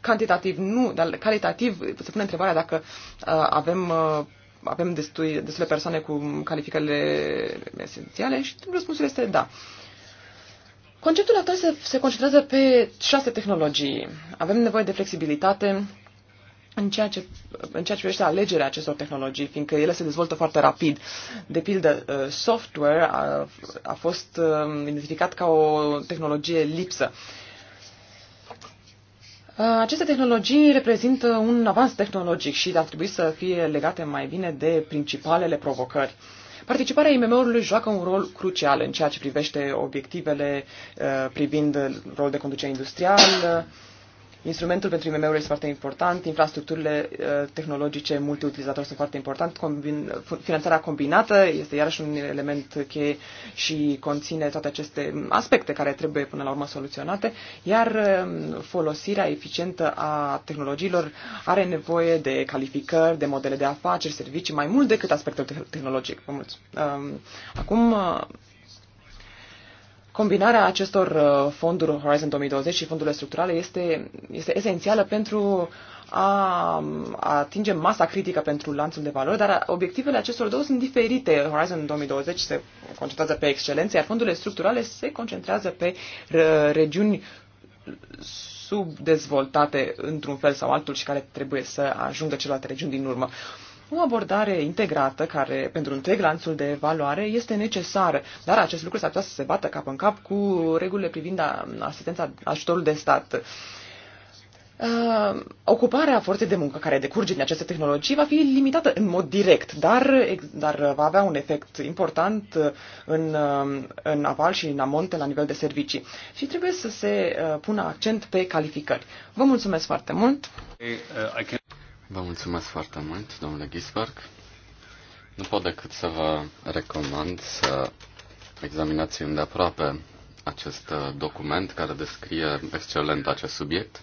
cantitativ nu, dar calitativ se pune întrebarea dacă uh, avem uh, avem destui, destule persoane cu calificările esențiale și răspunsul este da. Conceptul actual se, se concentrează pe șase tehnologii. Avem nevoie de flexibilitate, în ceea, ce, în ceea ce privește alegerea acestor tehnologii, fiindcă ele se dezvoltă foarte rapid. De pildă, uh, software a, a fost um, identificat ca o tehnologie lipsă. Uh, aceste tehnologii reprezintă un avans tehnologic și ar trebui să fie legate mai bine de principalele provocări. Participarea IMM-urilor joacă un rol crucial în ceea ce privește obiectivele uh, privind rolul de conducere industrial, Instrumentul pentru IMM-uri este foarte important, infrastructurile uh, tehnologice multiutilizator sunt foarte importante, combin, finanțarea combinată este iarăși un element cheie și conține toate aceste aspecte care trebuie până la urmă soluționate, iar um, folosirea eficientă a tehnologiilor are nevoie de calificări, de modele de afaceri, servicii, mai mult decât aspectul tehnologic. Mulțumesc. Um, acum, uh, Combinarea acestor uh, fonduri Horizon 2020 și fondurile structurale este, este esențială pentru a, atinge masa critică pentru lanțul de valori, dar obiectivele acestor două sunt diferite. Horizon 2020 se concentrează pe excelență, iar fondurile structurale se concentrează pe regiuni subdezvoltate într-un fel sau altul și care trebuie să ajungă celelalte regiuni din urmă. Uh, o abordare integrată care, pentru întreg lanțul de valoare, este necesară, dar acest lucru s-ar putea să se bată cap în cap cu regulile privind asistența ajutorul de stat. Uh, ocuparea forței de muncă care decurge din aceste tehnologii va fi limitată în mod direct, dar, dar va avea un efect important în, uh, în aval și în amonte la nivel de servicii. Și trebuie să se uh, pună accent pe calificări. Vă mulțumesc foarte mult! Eh, eh, Vă mulțumesc foarte mult, domnule Gisberg. Nu pot decât să vă recomand să examinați aproape acest uh, document care descrie excelent acest subiect.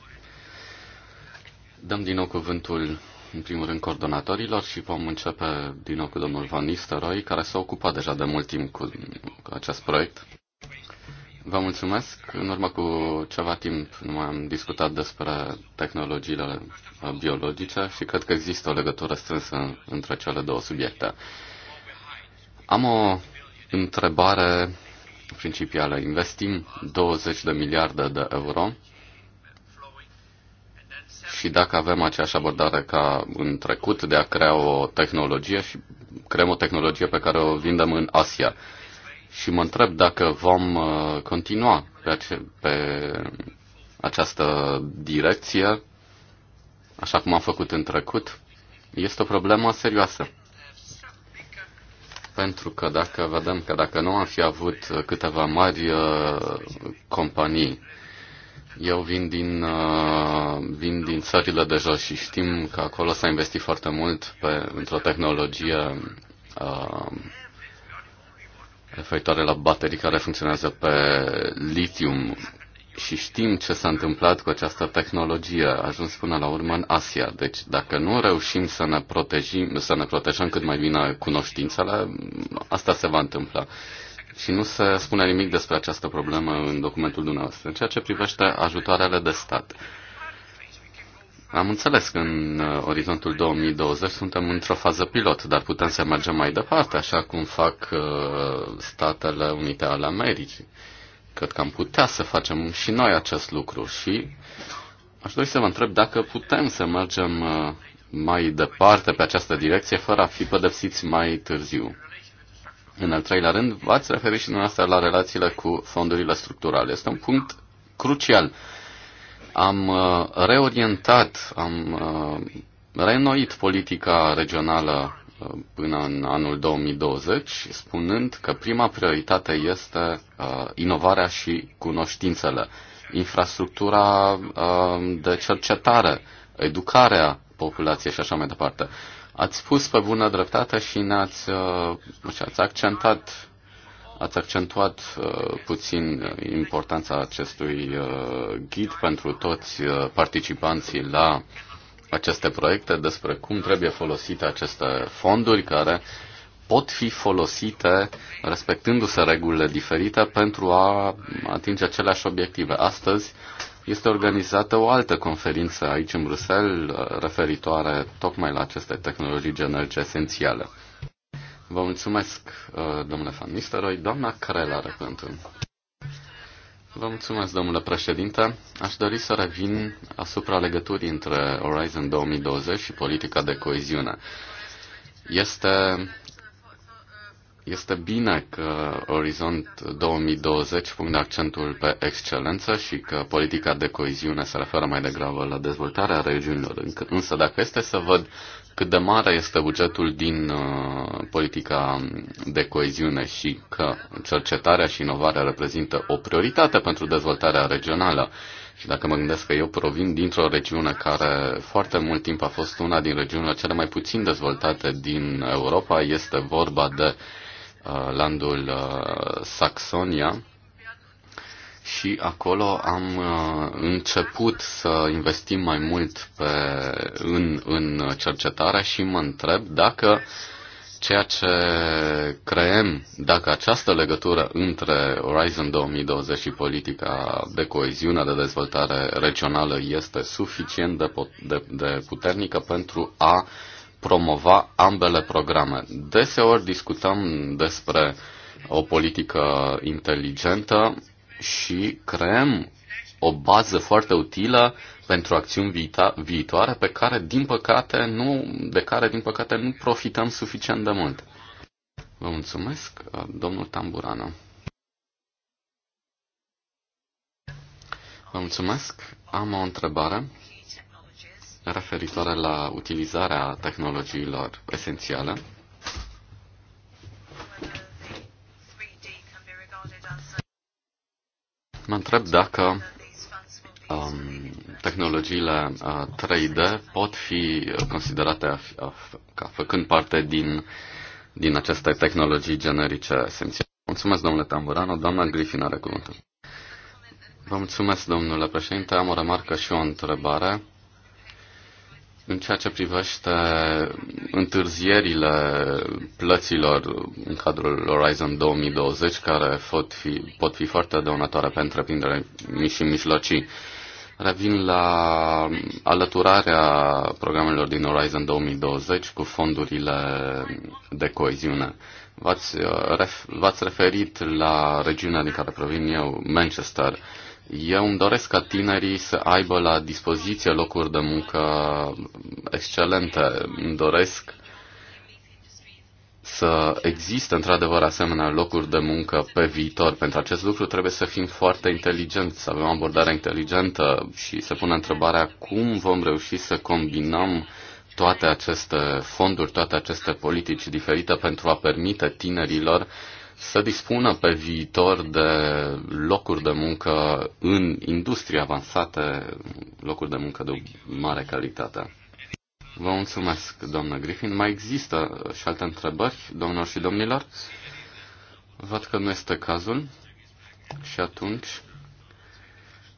Dăm din nou cuvântul, în primul rând, coordonatorilor și vom începe din nou cu domnul Van Nistelrooy, care s-a ocupat deja de mult timp cu acest proiect. Vă mulțumesc. În urmă cu ceva timp nu am discutat despre tehnologiile biologice și cred că există o legătură strânsă între cele două subiecte. Am o întrebare principială. Investim 20 de miliarde de euro și dacă avem aceeași abordare ca în trecut de a crea o tehnologie și creăm o tehnologie pe care o vindem în Asia, și mă întreb dacă vom uh, continua pe, ace- pe această direcție, așa cum am făcut în trecut. Este o problemă serioasă. Pentru că dacă vedem că dacă nu am fi avut câteva mari uh, companii, eu vin din, uh, vin din țările de jos și știm că acolo s-a investit foarte mult pe, într-o tehnologie referitoare la baterii care funcționează pe litium și știm ce s-a întâmplat cu această tehnologie, a ajuns până la urmă în Asia. Deci dacă nu reușim să ne, protejim, să ne protejăm cât mai bine cunoștințele, asta se va întâmpla. Și nu se spune nimic despre această problemă în documentul dumneavoastră. În ceea ce privește ajutoarele de stat, am înțeles că în uh, orizontul 2020 suntem într-o fază pilot, dar putem să mergem mai departe, așa cum fac uh, Statele Unite ale Americii. Cred că am putea să facem și noi acest lucru și aș dori să vă întreb dacă putem să mergem uh, mai departe pe această direcție fără a fi pedepsiți mai târziu. În al treilea rând, v-ați referit și dumneavoastră la relațiile cu fondurile structurale. Este un punct crucial am uh, reorientat, am uh, reînnoit politica regională uh, până în anul 2020, spunând că prima prioritate este inovarea și cunoștințele, infrastructura de cercetare, educarea populației și așa mai departe. Ați spus pe bună dreptate și ne-ați, și ați accentat Ați accentuat uh, puțin uh, importanța acestui uh, ghid pentru toți uh, participanții la aceste proiecte, despre cum trebuie folosite aceste fonduri care pot fi folosite respectându-se regulile diferite pentru a atinge aceleași obiective. Astăzi este organizată o altă conferință aici în Bruxelles uh, referitoare tocmai la aceste tehnologii generice esențiale. Vă mulțumesc, uh, domnule Van Nistelrooy. Doamna Carel are cuvântul. Vă mulțumesc, domnule președinte. Aș dori să revin asupra legăturii între Horizon 2020 și politica de coeziune. Este, este bine că Orizont 2020 pune accentul pe excelență și că politica de coeziune se referă mai degrabă la dezvoltarea regiunilor. Însă dacă este să văd cât de mare este bugetul din uh, politica de coeziune și că cercetarea și inovarea reprezintă o prioritate pentru dezvoltarea regională. Și dacă mă gândesc că eu provin dintr-o regiune care foarte mult timp a fost una din regiunile cele mai puțin dezvoltate din Europa, este vorba de uh, landul uh, Saxonia, și acolo am uh, început să investim mai mult pe, în, în cercetare și mă întreb dacă ceea ce creăm, dacă această legătură între Horizon 2020 și politica de coeziune, de dezvoltare regională este suficient de, de, de puternică pentru a promova ambele programe. Deseori discutăm despre o politică inteligentă, și creăm o bază foarte utilă pentru acțiuni viitoare pe care, din păcate, nu, de care, din păcate, nu profităm suficient de mult. Vă mulțumesc, domnul Tamburano. Vă mulțumesc. Am o întrebare referitoare la utilizarea tehnologiilor esențiale. Mă întreb dacă um, tehnologiile uh, 3D pot fi considerate a a, ca făcând parte din, din aceste tehnologii generice esențiale. Mulțumesc, domnule Tamburano. Doamna Griffin are cuvântul. Vă mulțumesc, domnule președinte. Am o remarcă și o întrebare. În ceea ce privește întârzierile plăților în cadrul Horizon 2020, care pot fi, pot fi foarte dăunătoare pentru întreprindere și mijlocii, revin la alăturarea programelor din Horizon 2020 cu fondurile de coeziune. V-ați, ref, referit la regiunea din care provin eu, Manchester eu îmi doresc ca tinerii să aibă la dispoziție locuri de muncă excelente. Îmi doresc să existe într-adevăr asemenea locuri de muncă pe viitor. Pentru acest lucru trebuie să fim foarte inteligenți, să avem o abordare inteligentă și să punem întrebarea cum vom reuși să combinăm toate aceste fonduri, toate aceste politici diferite pentru a permite tinerilor uh, să dispună pe viitor de locuri de muncă în industrie avansate, locuri de muncă de mare calitate. Vă mulțumesc, doamnă Griffin. Mai există și alte întrebări, domnilor și domnilor? Văd că nu este cazul și atunci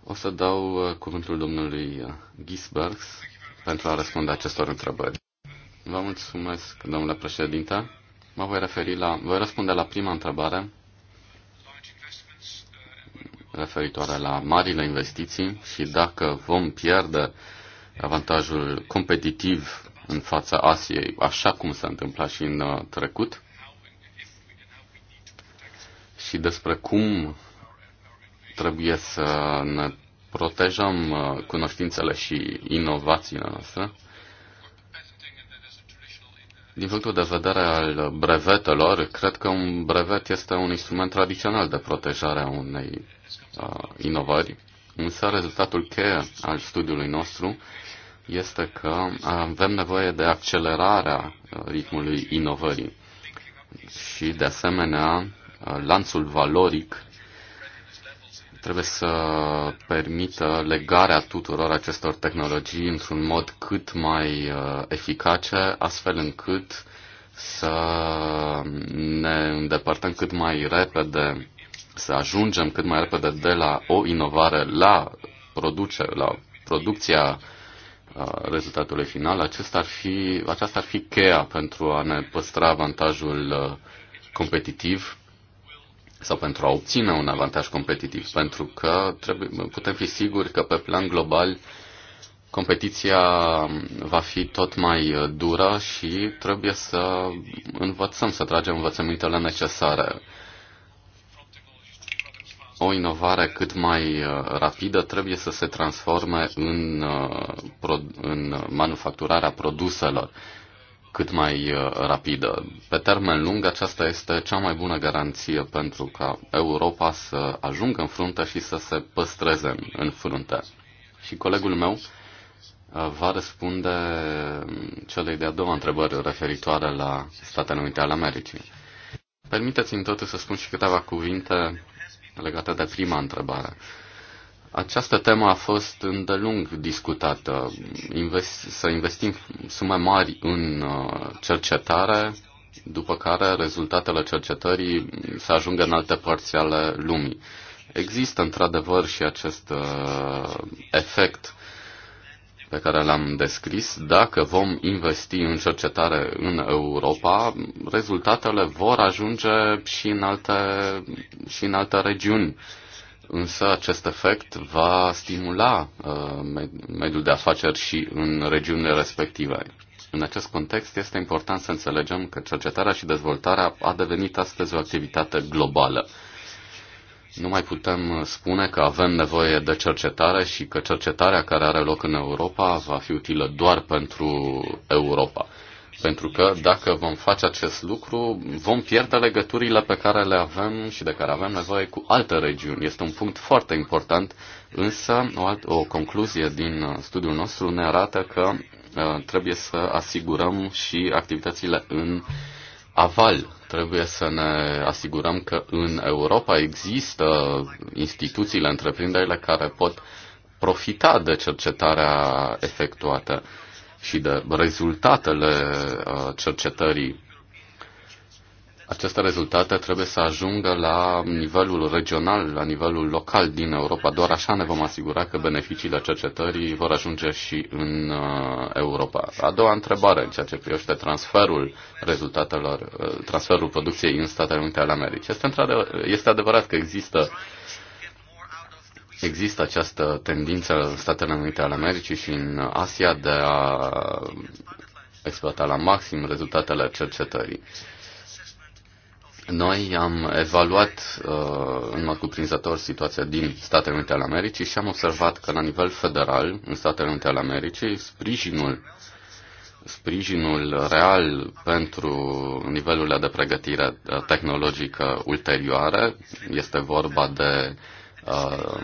o să dau uh, cuvântul domnului uh, Gisbergs pentru a răspunde acestor întrebări. Vă mulțumesc, domnule președinte. Mă voi referi la, voi răspunde la prima întrebare referitoare la marile investiții și dacă vom pierde avantajul competitiv în fața Asiei, așa cum s-a întâmplat și în uh, trecut, și despre cum trebuie să ne protejăm uh, cunoștințele și inovațiile noastre. Din punctul de vedere al brevetelor, cred că un brevet este un instrument tradițional de protejare a unei uh, inovări, însă rezultatul cheie al studiului nostru este că avem nevoie de accelerarea ritmului inovării și, de asemenea, lanțul valoric trebuie să permită legarea tuturor acestor tehnologii într-un mod cât mai uh, eficace, astfel încât să ne îndepărtăm cât mai repede, să ajungem cât mai repede de la o inovare la produce, la producția uh, rezultatului final, acesta ar fi, aceasta ar fi cheia pentru a ne păstra avantajul uh, competitiv sau pentru a obține un avantaj competitiv, pentru că trebuie, putem fi siguri că pe plan global competiția va fi tot mai dură și trebuie să învățăm, să tragem învățămintele necesare. O inovare cât mai uh, rapidă trebuie să se transforme în, uh, în manufacturarea produselor cât mai uh, rapidă. Pe termen lung, aceasta este cea mai bună garanție pentru ca Europa să ajungă în frunte și să se păstreze în frunte. Și colegul meu uh, va răspunde um, celei de-a doua întrebări referitoare la Statele Unite ale Americii. Permiteți-mi totuși să spun și câteva cuvinte legate de prima întrebare. Această temă a fost îndelung discutată. Invest, să investim sume mari în uh, cercetare, după care rezultatele cercetării să ajungă în alte părți ale lumii. Există într-adevăr și acest uh, efect pe care l-am descris. Dacă vom investi în cercetare în Europa, rezultatele vor ajunge și în alte, și în alte regiuni. Uh, Însă acest efect va stimula uh, mediul de afaceri și în regiunile respective. În acest context este important să înțelegem că cercetarea și dezvoltarea a devenit astăzi o activitate globală. Nu mai putem uh, spune că avem nevoie de cercetare și că cercetarea care are loc în Europa va fi utilă doar pentru Europa. Pentru că dacă vom face acest lucru, vom pierde legăturile pe care le avem și de care avem nevoie cu alte regiuni. Este un punct foarte important, însă o, alt, o concluzie din uh, studiul nostru ne arată că uh, trebuie să asigurăm și activitățile în aval. Trebuie să ne asigurăm că în Europa există instituțiile, întreprinderile care pot profita de cercetarea efectuată și de rezultatele uh, cercetării. Aceste rezultate trebuie să ajungă la nivelul regional, la nivelul local din Europa. Doar așa ne vom asigura că beneficiile cercetării vor ajunge și în uh, Europa. A doua întrebare în ceea ce privește transferul rezultatelor, uh, transferul producției în Statele Unite ale Americii. Este, este adevărat că există Există această tendință în Statele Unite ale Americii și în Asia de a exploata la maxim rezultatele cercetării. Noi am evaluat uh, în mod cuprinzător situația din Statele Unite ale Americii și am observat că la nivel federal, în Statele Unite ale Americii, sprijinul, sprijinul real pentru nivelurile de pregătire uh, tehnologică ulterioare, este vorba de uh, Uh,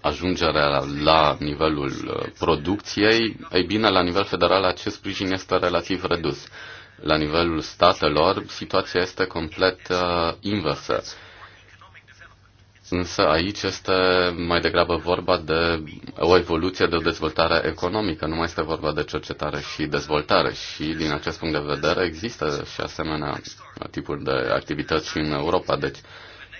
ajungerea la nivelul uh, producției, ei bine, la nivel federal acest sprijin este relativ redus. La nivelul statelor, situația este complet uh, inversă. Însă aici este mai degrabă vorba de o evoluție, de o dezvoltare economică, nu mai este vorba de cercetare și dezvoltare. Și din acest punct de vedere există și asemenea tipuri de activități și în Europa. Deci, uh,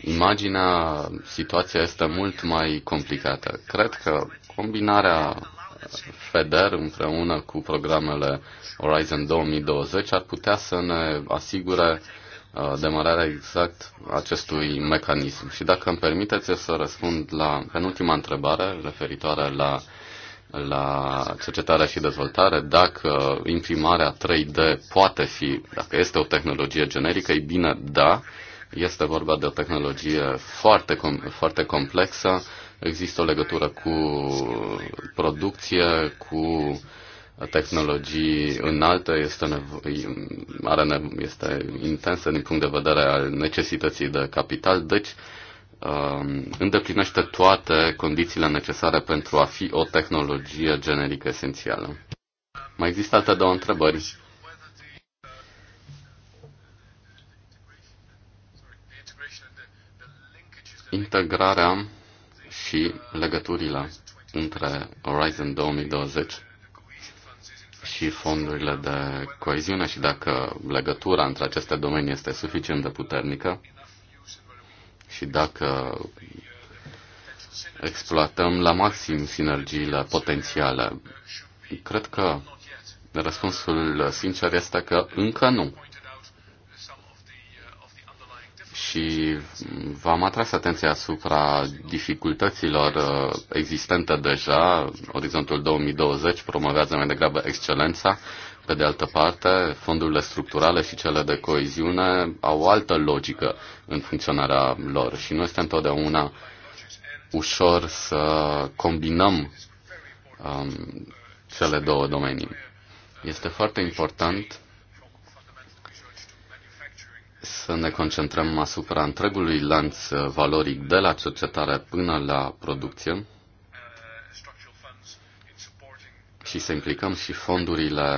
imaginea, situația este mult mai complicată. Cred că combinarea FEDER împreună cu programele Horizon 2020 ar putea să ne asigure uh, demararea exact acestui mecanism. Și dacă îmi permiteți să răspund la penultima întrebare referitoare la, la cercetarea și dezvoltare, dacă imprimarea 3D poate fi, dacă este o tehnologie generică, e bine, da, este vorba de o tehnologie foarte, com- foarte complexă, există o legătură cu producție, cu tehnologii înalte, este, nevo- are ne este intensă din punct de vedere al necesității de capital, deci um, îndeplinește toate condițiile necesare pentru a fi o tehnologie generică esențială. Mai există alte două întrebări integrarea și legăturile între Horizon 2020 și fondurile de coeziune și dacă legătura între aceste domenii este suficient de puternică și dacă exploatăm la maxim sinergiile potențiale. Cred că răspunsul sincer este că încă nu și v-am atras atenția asupra dificultăților uh, existente deja. Orizontul 2020 promovează mai degrabă excelența. Pe de altă parte, fondurile structurale și cele de coeziune au o altă logică în funcționarea lor și nu este întotdeauna ușor să combinăm um, cele două domenii. Este foarte important să ne concentrăm asupra întregului lanț valoric de la cercetare până la producție și să implicăm și fondurile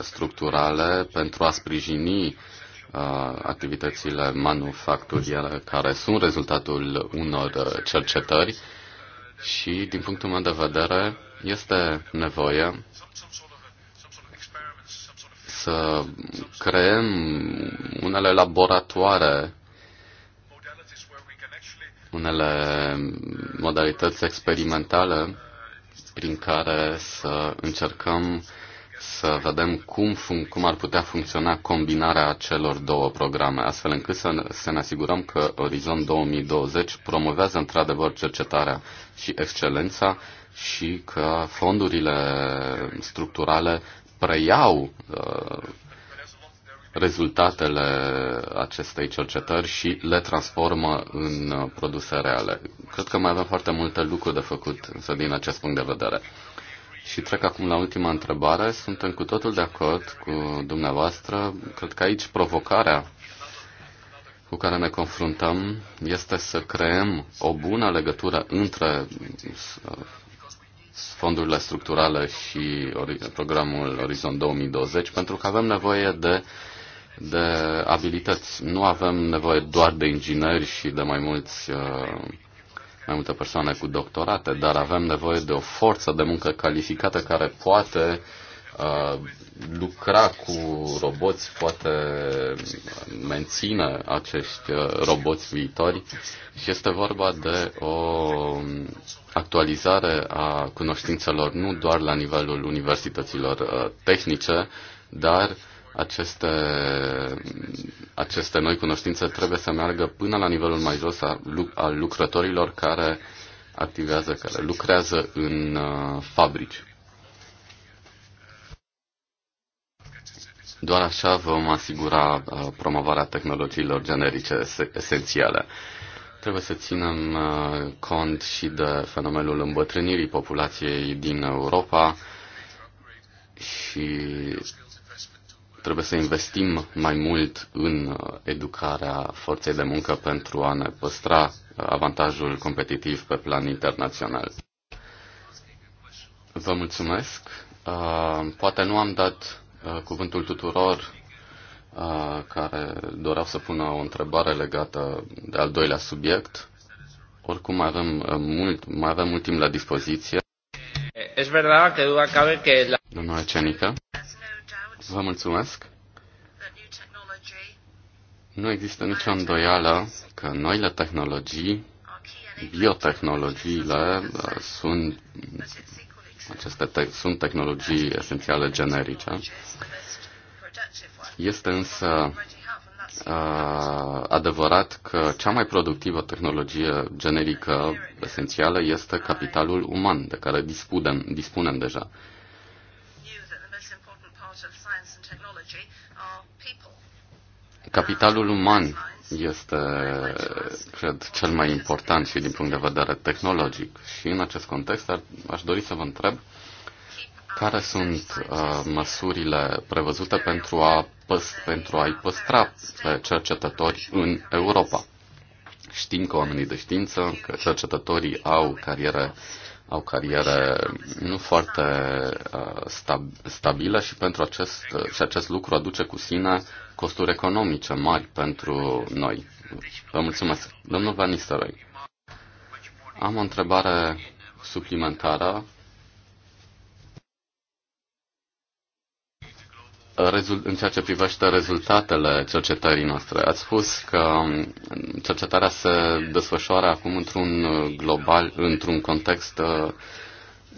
structurale pentru a sprijini uh, activitățile manufacturiere care sunt rezultatul unor cercetări și, din punctul meu de vedere, este nevoie să creăm unele laboratoare, unele modalități experimentale prin care să încercăm să vedem cum, fun- cum ar putea funcționa combinarea celor două programe, astfel încât să, să ne asigurăm că Orizont 2020 promovează într-adevăr cercetarea și excelența și că fondurile structurale preiau uh, rezultatele acestei cercetări și le transformă în produse reale. Cred că mai avem foarte multe lucruri de făcut însă din acest punct de vedere. Și trec acum la ultima întrebare. Suntem cu totul de acord cu dumneavoastră. Cred că aici provocarea cu care ne confruntăm este să creăm o bună legătură între uh, fondurile structurale și programul Orizont 2020, pentru că avem nevoie de, de abilități. Nu avem nevoie doar de ingineri și de mai mulți uh, mai multe persoane cu doctorate, dar avem nevoie de o forță de muncă calificată care poate uh, lucra cu roboți, poate menține acești roboți viitori și este vorba de o actualizare a cunoștințelor nu doar la nivelul universităților tehnice, dar aceste, aceste noi cunoștințe trebuie să meargă până la nivelul mai jos al lucrătorilor care activează, care lucrează în fabrici. Doar așa vom asigura uh, promovarea tehnologiilor generice esențiale. Trebuie să ținem uh, cont și de fenomenul îmbătrânirii populației din Europa și trebuie să investim mai mult în uh, educarea forței de muncă pentru a ne păstra avantajul competitiv pe plan internațional. Vă mulțumesc. Poate nu am dat Uh, cuvântul tuturor uh, care doreau să pună o întrebare legată de al doilea subiect. Oricum mai avem uh, mult, mai avem mult timp la dispoziție. Es verdad que duda cabe que la... Doamna Cenică, vă mulțumesc. Nu există nicio îndoială că noile tehnologii, biotehnologiile, sunt aceste te- sunt tehnologii esențiale generice. Este însă uh, adevărat că cea mai productivă tehnologie generică esențială este capitalul uman de care dispunem, dispunem deja. Capitalul uman este, cred, cel mai important și din punct de vedere tehnologic. Și în acest context ar, aș dori să vă întreb care sunt uh, măsurile prevăzute pentru, a păst- pentru a-i păstra pe cercetători în Europa. Știm că oamenii de știință, că cercetătorii au cariere au cariere nu foarte uh, stab- stabilă și pentru acest, și acest lucru aduce cu sine costuri economice mari pentru noi. Vă mulțumesc. Domnul Van am o întrebare suplimentară în ceea ce privește rezultatele cercetării noastre, ați spus că um, cercetarea se desfășoară acum într-un uh, global, într-un context uh,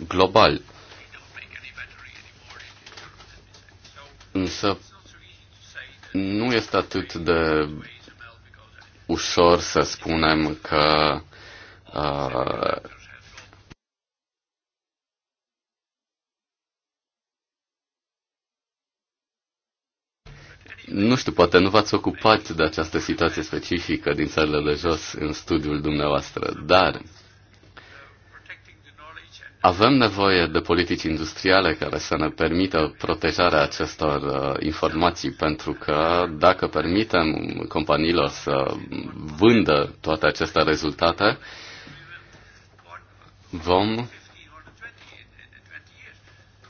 global. Însă nu este atât de ușor să spunem că uh, Nu știu, poate nu v-ați ocupat de această situație specifică din țările de jos în studiul dumneavoastră, dar avem nevoie de politici industriale care să ne permită protejarea acestor uh, informații, pentru că dacă permitem companiilor să vândă toate aceste rezultate, vom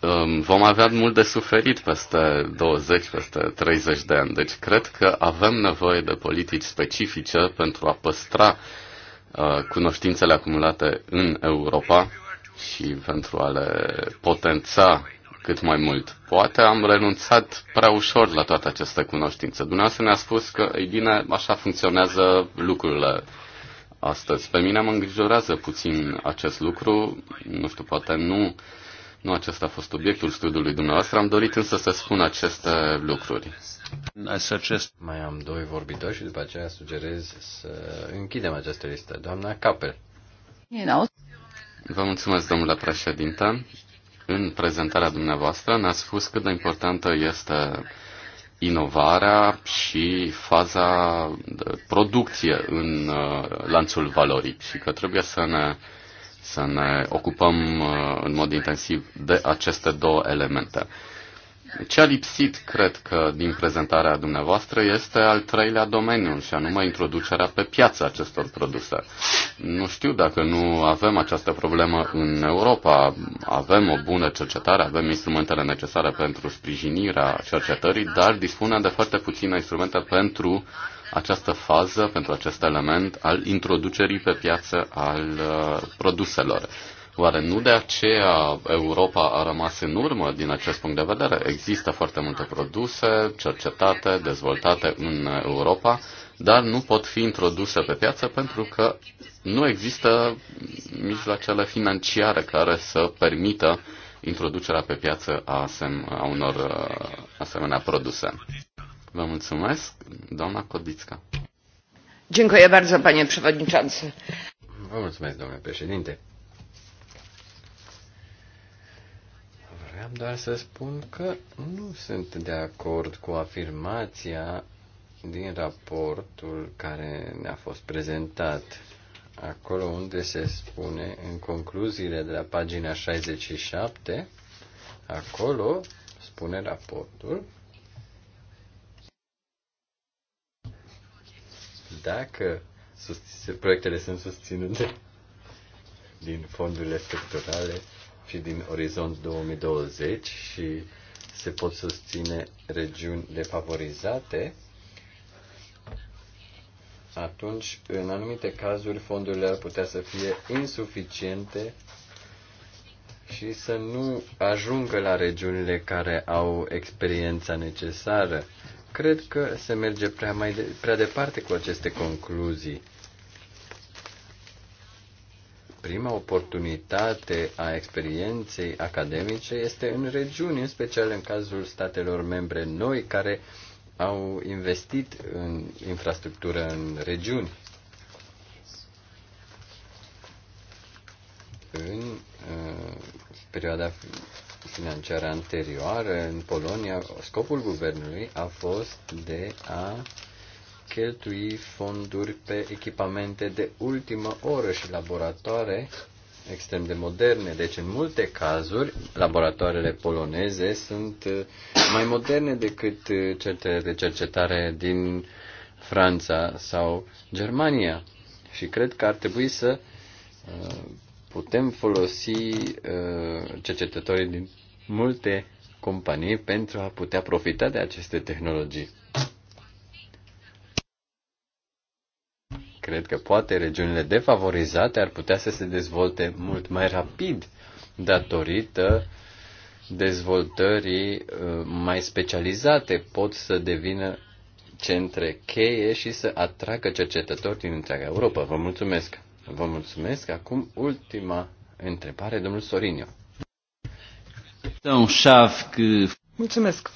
Um, vom avea mult de suferit peste 20, peste 30 de ani. Deci cred că avem nevoie de politici specifice pentru a păstra uh, cunoștințele acumulate în Europa și pentru a le potența cât mai mult. Poate am renunțat prea ușor la toate aceste cunoștințe. Dumneavoastră ne-a spus că, ei bine, așa funcționează lucrurile astăzi. Pe mine mă îngrijorează puțin acest lucru. Nu știu, poate nu nu acesta a fost obiectul studiului dumneavoastră, am dorit însă să spun aceste lucruri. Mai am doi vorbitori și după aceea sugerez să închidem această listă. Doamna Capel. Vă mulțumesc, domnule președinte. În prezentarea dumneavoastră ne a spus cât de importantă este inovarea și faza de producție în uh, lanțul valoric și că trebuie să ne să ne ocupăm uh, în mod intensiv de aceste două elemente. Ce a lipsit, cred că, din prezentarea dumneavoastră este al treilea domeniu, și anume introducerea pe piață acestor produse. Nu știu dacă nu avem această problemă în Europa. Avem o bună cercetare, avem instrumentele necesare pentru sprijinirea cercetării, dar dispunem de foarte puține instrumente pentru această fază, pentru acest element al introducerii pe piață al uh, produselor. Oare nu de aceea Europa a rămas în urmă din acest punct de vedere? Există foarte multe produse cercetate, dezvoltate în Europa, dar nu pot fi introduse pe piață pentru că nu există mijloacele financiare care să permită introducerea pe piață a, asem- a unor uh, asemenea produse. Vă mulțumesc, doamna Codițca. Dziękuję bardzo, panie przewodniczący. Vă mulțumesc, domnule președinte. Vreau doar să spun că nu sunt de acord cu afirmația din raportul care ne-a fost prezentat, acolo unde se spune în concluziile de la pagina 67, acolo spune raportul dacă proiectele sunt susținute din fondurile sectorale și din Orizont 2020 și se pot susține regiuni defavorizate, atunci, în anumite cazuri, fondurile ar putea să fie insuficiente și să nu ajungă la regiunile care au experiența necesară. Cred că se merge prea, mai de, prea departe cu aceste concluzii. Prima oportunitate a experienței academice este în regiuni, în special în cazul statelor membre noi care au investit în infrastructură în regiuni. În în uh, perioada financiară anterioară în Polonia, scopul guvernului a fost de a cheltui fonduri pe echipamente de ultimă oră și laboratoare extrem de moderne. Deci, în multe cazuri, laboratoarele poloneze sunt uh, mai moderne decât uh, cele de cercetare din Franța sau Germania. Și cred că ar trebui să uh, putem folosi cercetătorii din multe companii pentru a putea profita de aceste tehnologii. Cred că poate regiunile defavorizate ar putea să se dezvolte mult mai rapid datorită dezvoltării uh, mai specializate. Pot să devină centre cheie și să atragă cercetători din întreaga Europa. Vă mulțumesc! Vă mulțumesc! Acum ultima întrebare, domnul Sorinio. Mulțumesc.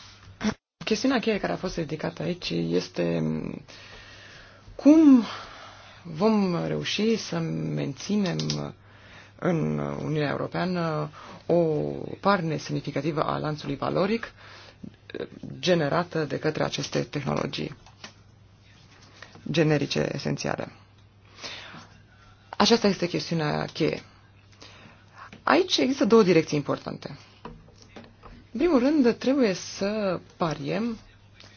Chestiunea cheie care a fost ridicată aici este cum vom reuși să menținem în Uniunea Europeană o parte semnificativă a lanțului valoric generată de către aceste tehnologii generice esențiale. Aceasta este chestiunea cheie. Aici există două direcții importante primul rând, trebuie să pariem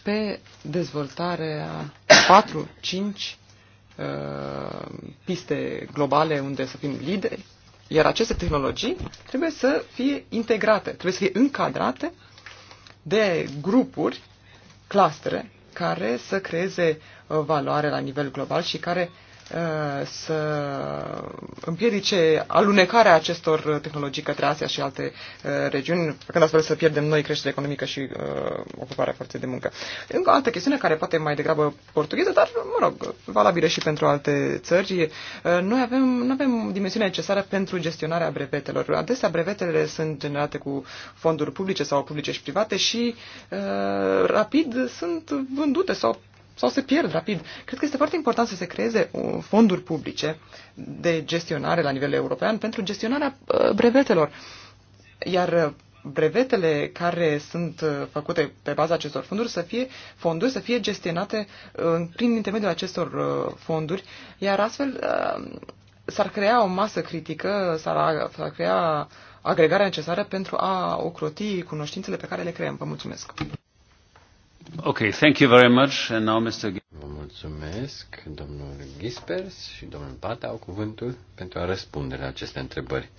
pe dezvoltarea 4-5 uh, piste globale unde să fim lideri, iar aceste tehnologii trebuie să fie integrate, trebuie să fie încadrate de grupuri, clustere, care să creeze uh, valoare la nivel global și care uh, Uh, să împiedice alunecarea acestor tehnologii către Asia și alte uh, regiuni, când astfel să pierdem noi creștere economică și uh, ocuparea forței de muncă. Încă o altă chestiune care poate mai degrabă portugheză, dar, mă rog, valabilă și pentru alte țări. Noi avem, nu avem dimensiunea necesară pentru gestionarea brevetelor. Adesea brevetele sunt generate cu fonduri publice sau publice și private și rapid sunt vândute sau sau se pierd rapid. Cred că este foarte important să se creeze uh, fonduri publice de gestionare la nivel european pentru gestionarea uh, brevetelor. Iar uh, brevetele care sunt făcute pe baza acestor fonduri să fie fonduri să fie gestionate prin intermediul acestor fonduri, iar astfel s-ar crea o masă critică, s-ar, s-ar crea agregarea necesară pentru a ocroti cunoștințele pe care le creăm. Vă mulțumesc! Ok, thank you very much. And now Mr. Vă mulțumesc, domnul Gispers și domnul Bata au cuvântul pentru a răspunde la aceste întrebări.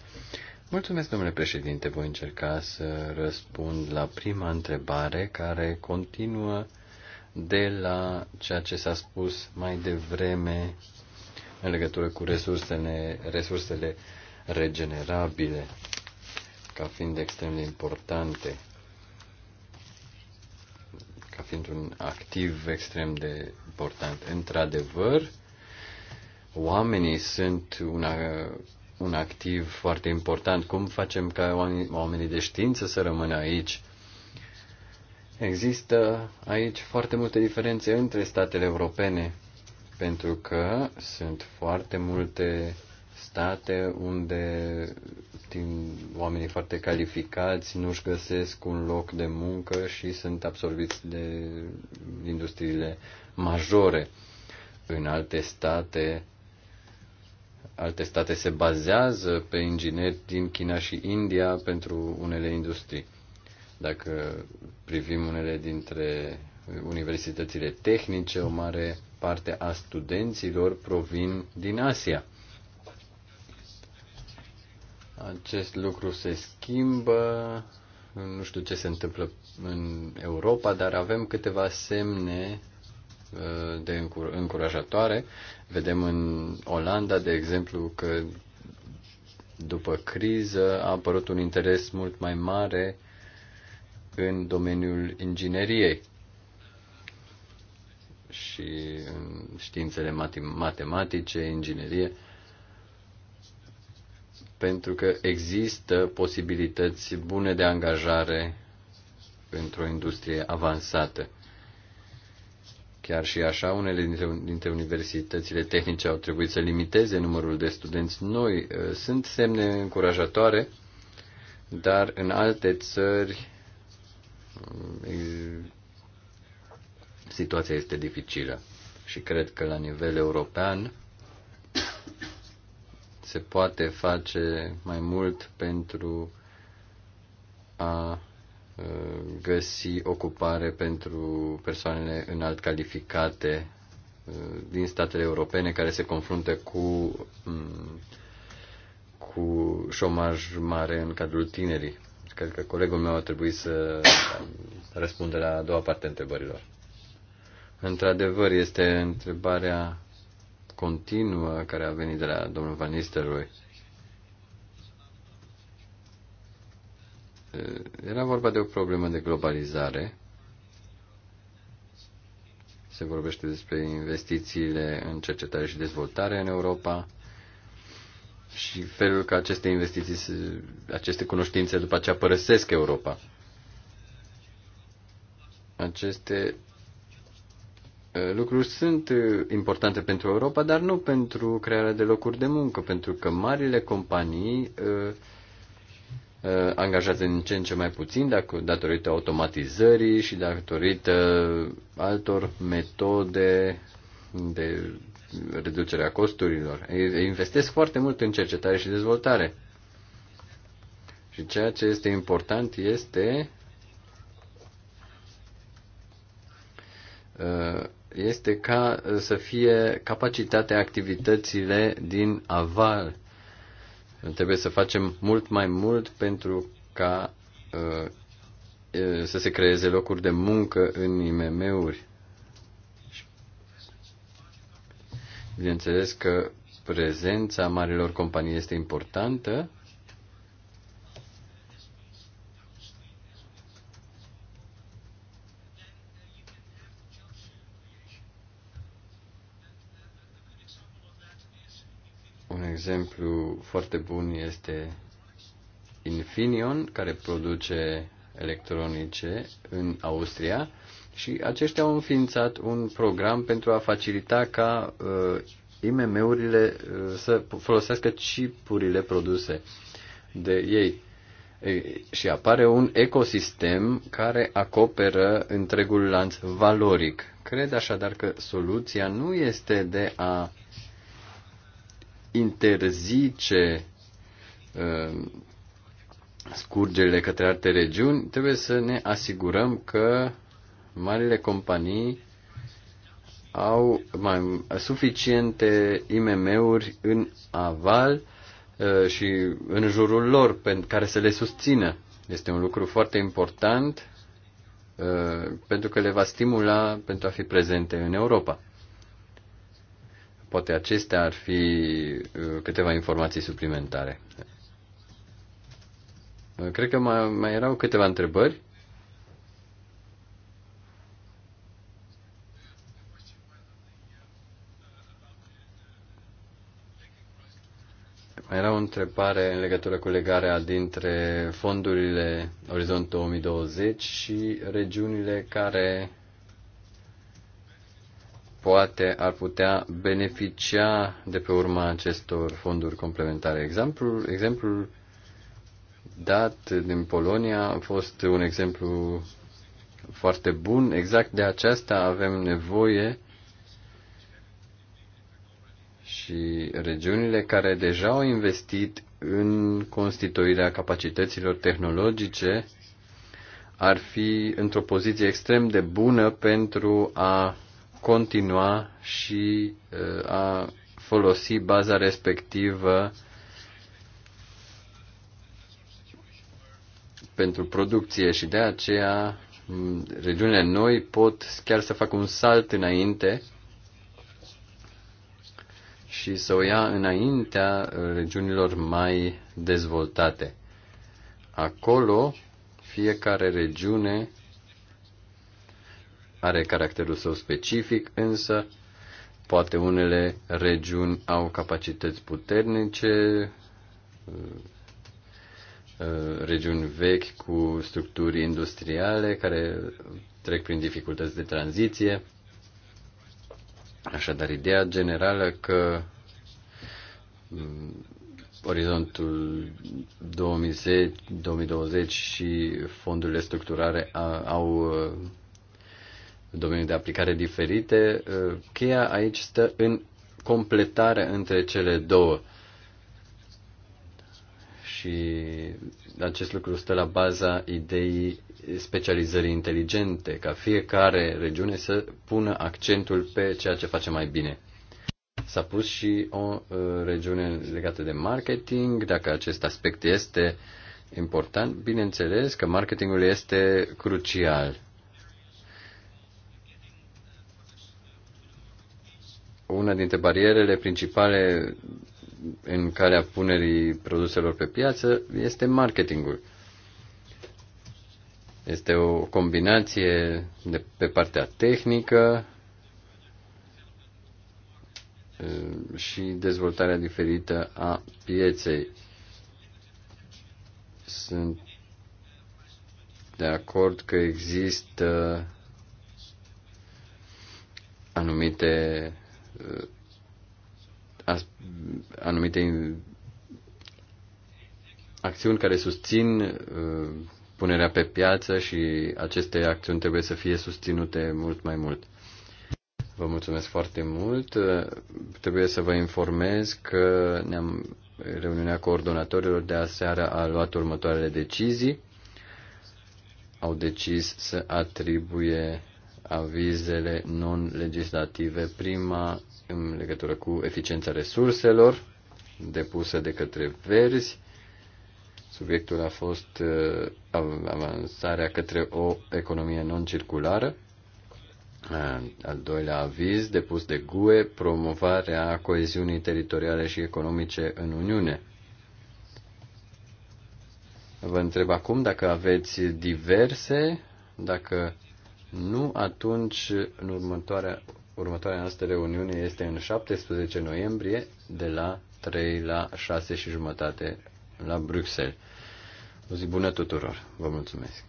Mulțumesc, domnule președinte. Voi încerca să răspund la prima întrebare care continuă de la ceea ce s-a spus mai devreme în legătură cu resursele, resursele regenerabile ca fiind extrem de importante ca fiind un activ extrem de important. Într-adevăr, oamenii sunt una, un activ foarte important. Cum facem ca oamenii, oamenii de știință să rămână aici? Există aici foarte multe diferențe între statele europene, pentru că sunt foarte multe state unde timp oamenii foarte calificați nu-și găsesc un loc de muncă și sunt absorbiți de industriile majore. În alte state, alte state se bazează pe ingineri din China și India pentru unele industrii. Dacă privim unele dintre universitățile tehnice, o mare parte a studenților provin din Asia acest lucru se schimbă, nu știu ce se întâmplă în Europa, dar avem câteva semne uh, de încurajatoare. Vedem în Olanda, de exemplu, că după criză a apărut un interes mult mai mare în domeniul ingineriei și în științele matematice, inginerie pentru că există posibilități bune de angajare într-o industrie avansată. Chiar și așa, unele dintre, dintre universitățile tehnice au trebuit să limiteze numărul de studenți noi. Sunt semne încurajatoare, dar în alte țări situația este dificilă. Și cred că la nivel european se poate face mai mult pentru a găsi ocupare pentru persoanele înalt calificate din statele europene care se confruntă cu, cu șomaj mare în cadrul tinerii. Cred că colegul meu a trebuit să răspundă la a doua parte a întrebărilor. Într-adevăr, este întrebarea continuă care a venit de la domnul Van Nistelrooy. Era vorba de o problemă de globalizare. Se vorbește despre investițiile în cercetare și dezvoltare în Europa și felul că aceste investiții, aceste cunoștințe după aceea părăsesc Europa. Aceste Eh, lucruri sunt eh, importante pentru Europa, dar nu pentru crearea de locuri de muncă, pentru că marile companii eh, angajează din ce în ce mai puțin datorită automatizării și datorită altor metode de reducerea costurilor. Investesc foarte mult în cercetare și dezvoltare. Și ceea ce este important este este ca uh, să fie capacitatea activitățile din aval. Trebuie să facem mult mai mult pentru ca uh, să se creeze locuri de muncă în IMM-uri. Bineînțeles că prezența marilor companii este importantă, exemplu foarte bun este Infineon, care produce electronice în Austria și aceștia au înființat un program pentru a facilita ca uh, IMM-urile uh, să folosească chipurile produse de ei. E, și apare un ecosistem care acoperă întregul lanț valoric. Cred așadar că soluția nu este de a interzice uh, scurgerile către alte regiuni, trebuie să ne asigurăm că marile companii au mai suficiente IMM-uri în aval uh, și în jurul lor pentru care să le susțină. Este un lucru foarte important uh, pentru că le va stimula pentru a fi prezente în Europa. Poate acestea ar fi uh, câteva informații suplimentare. Uh, cred că mai, mai erau câteva întrebări. Mai era o întrebare în legătură cu legarea dintre fondurile Orizont 2020 și regiunile care poate ar putea beneficia de pe urma acestor fonduri complementare. Exemplul, exemplul dat din Polonia a fost un exemplu foarte bun. Exact de aceasta avem nevoie și regiunile care deja au investit în constituirea capacităților tehnologice ar fi într-o poziție extrem de bună pentru a continua și uh, a folosi baza respectivă pentru producție și de aceea mm, regiunile noi pot chiar să facă un salt înainte și să o ia înaintea uh, regiunilor mai dezvoltate. Acolo, fiecare regiune are caracterul său specific, însă poate unele regiuni au capacități puternice, uh, uh, regiuni vechi cu structuri industriale care trec prin dificultăți de tranziție. Așadar, ideea generală că mm, orizontul 2010, 2020 și fondurile structurare au uh, domenii de aplicare diferite, uh, cheia aici stă în completarea între cele două. Și acest lucru stă la baza ideii specializării inteligente, ca fiecare regiune să pună accentul pe ceea ce face mai bine. S-a pus și o uh, regiune legată de marketing, dacă acest aspect este important, bineînțeles că marketingul este crucial una dintre barierele principale în calea punerii produselor pe piață este marketingul. Este o combinație de pe partea tehnică uh, și dezvoltarea diferită a pieței. Sunt de acord că există anumite anumite acțiuni care susțin uh, punerea pe piață și aceste acțiuni trebuie să fie susținute mult mai mult. Vă mulțumesc foarte mult. Trebuie să vă informez că ne-am, reuniunea coordonatorilor de aseară a luat următoarele decizii. Au decis să atribuie avizele non-legislative, prima în legătură cu eficiența resurselor depusă de către verzi. Subiectul a fost uh, avansarea către o economie non-circulară. Uh, al doilea aviz depus de GUE, promovarea coeziunii teritoriale și economice în Uniune. Vă întreb acum dacă aveți diverse, dacă nu atunci, în următoarea, următoarea noastră reuniune este în 17 noiembrie, de la 3 la 6 și jumătate la Bruxelles. O zi bună tuturor! Vă mulțumesc!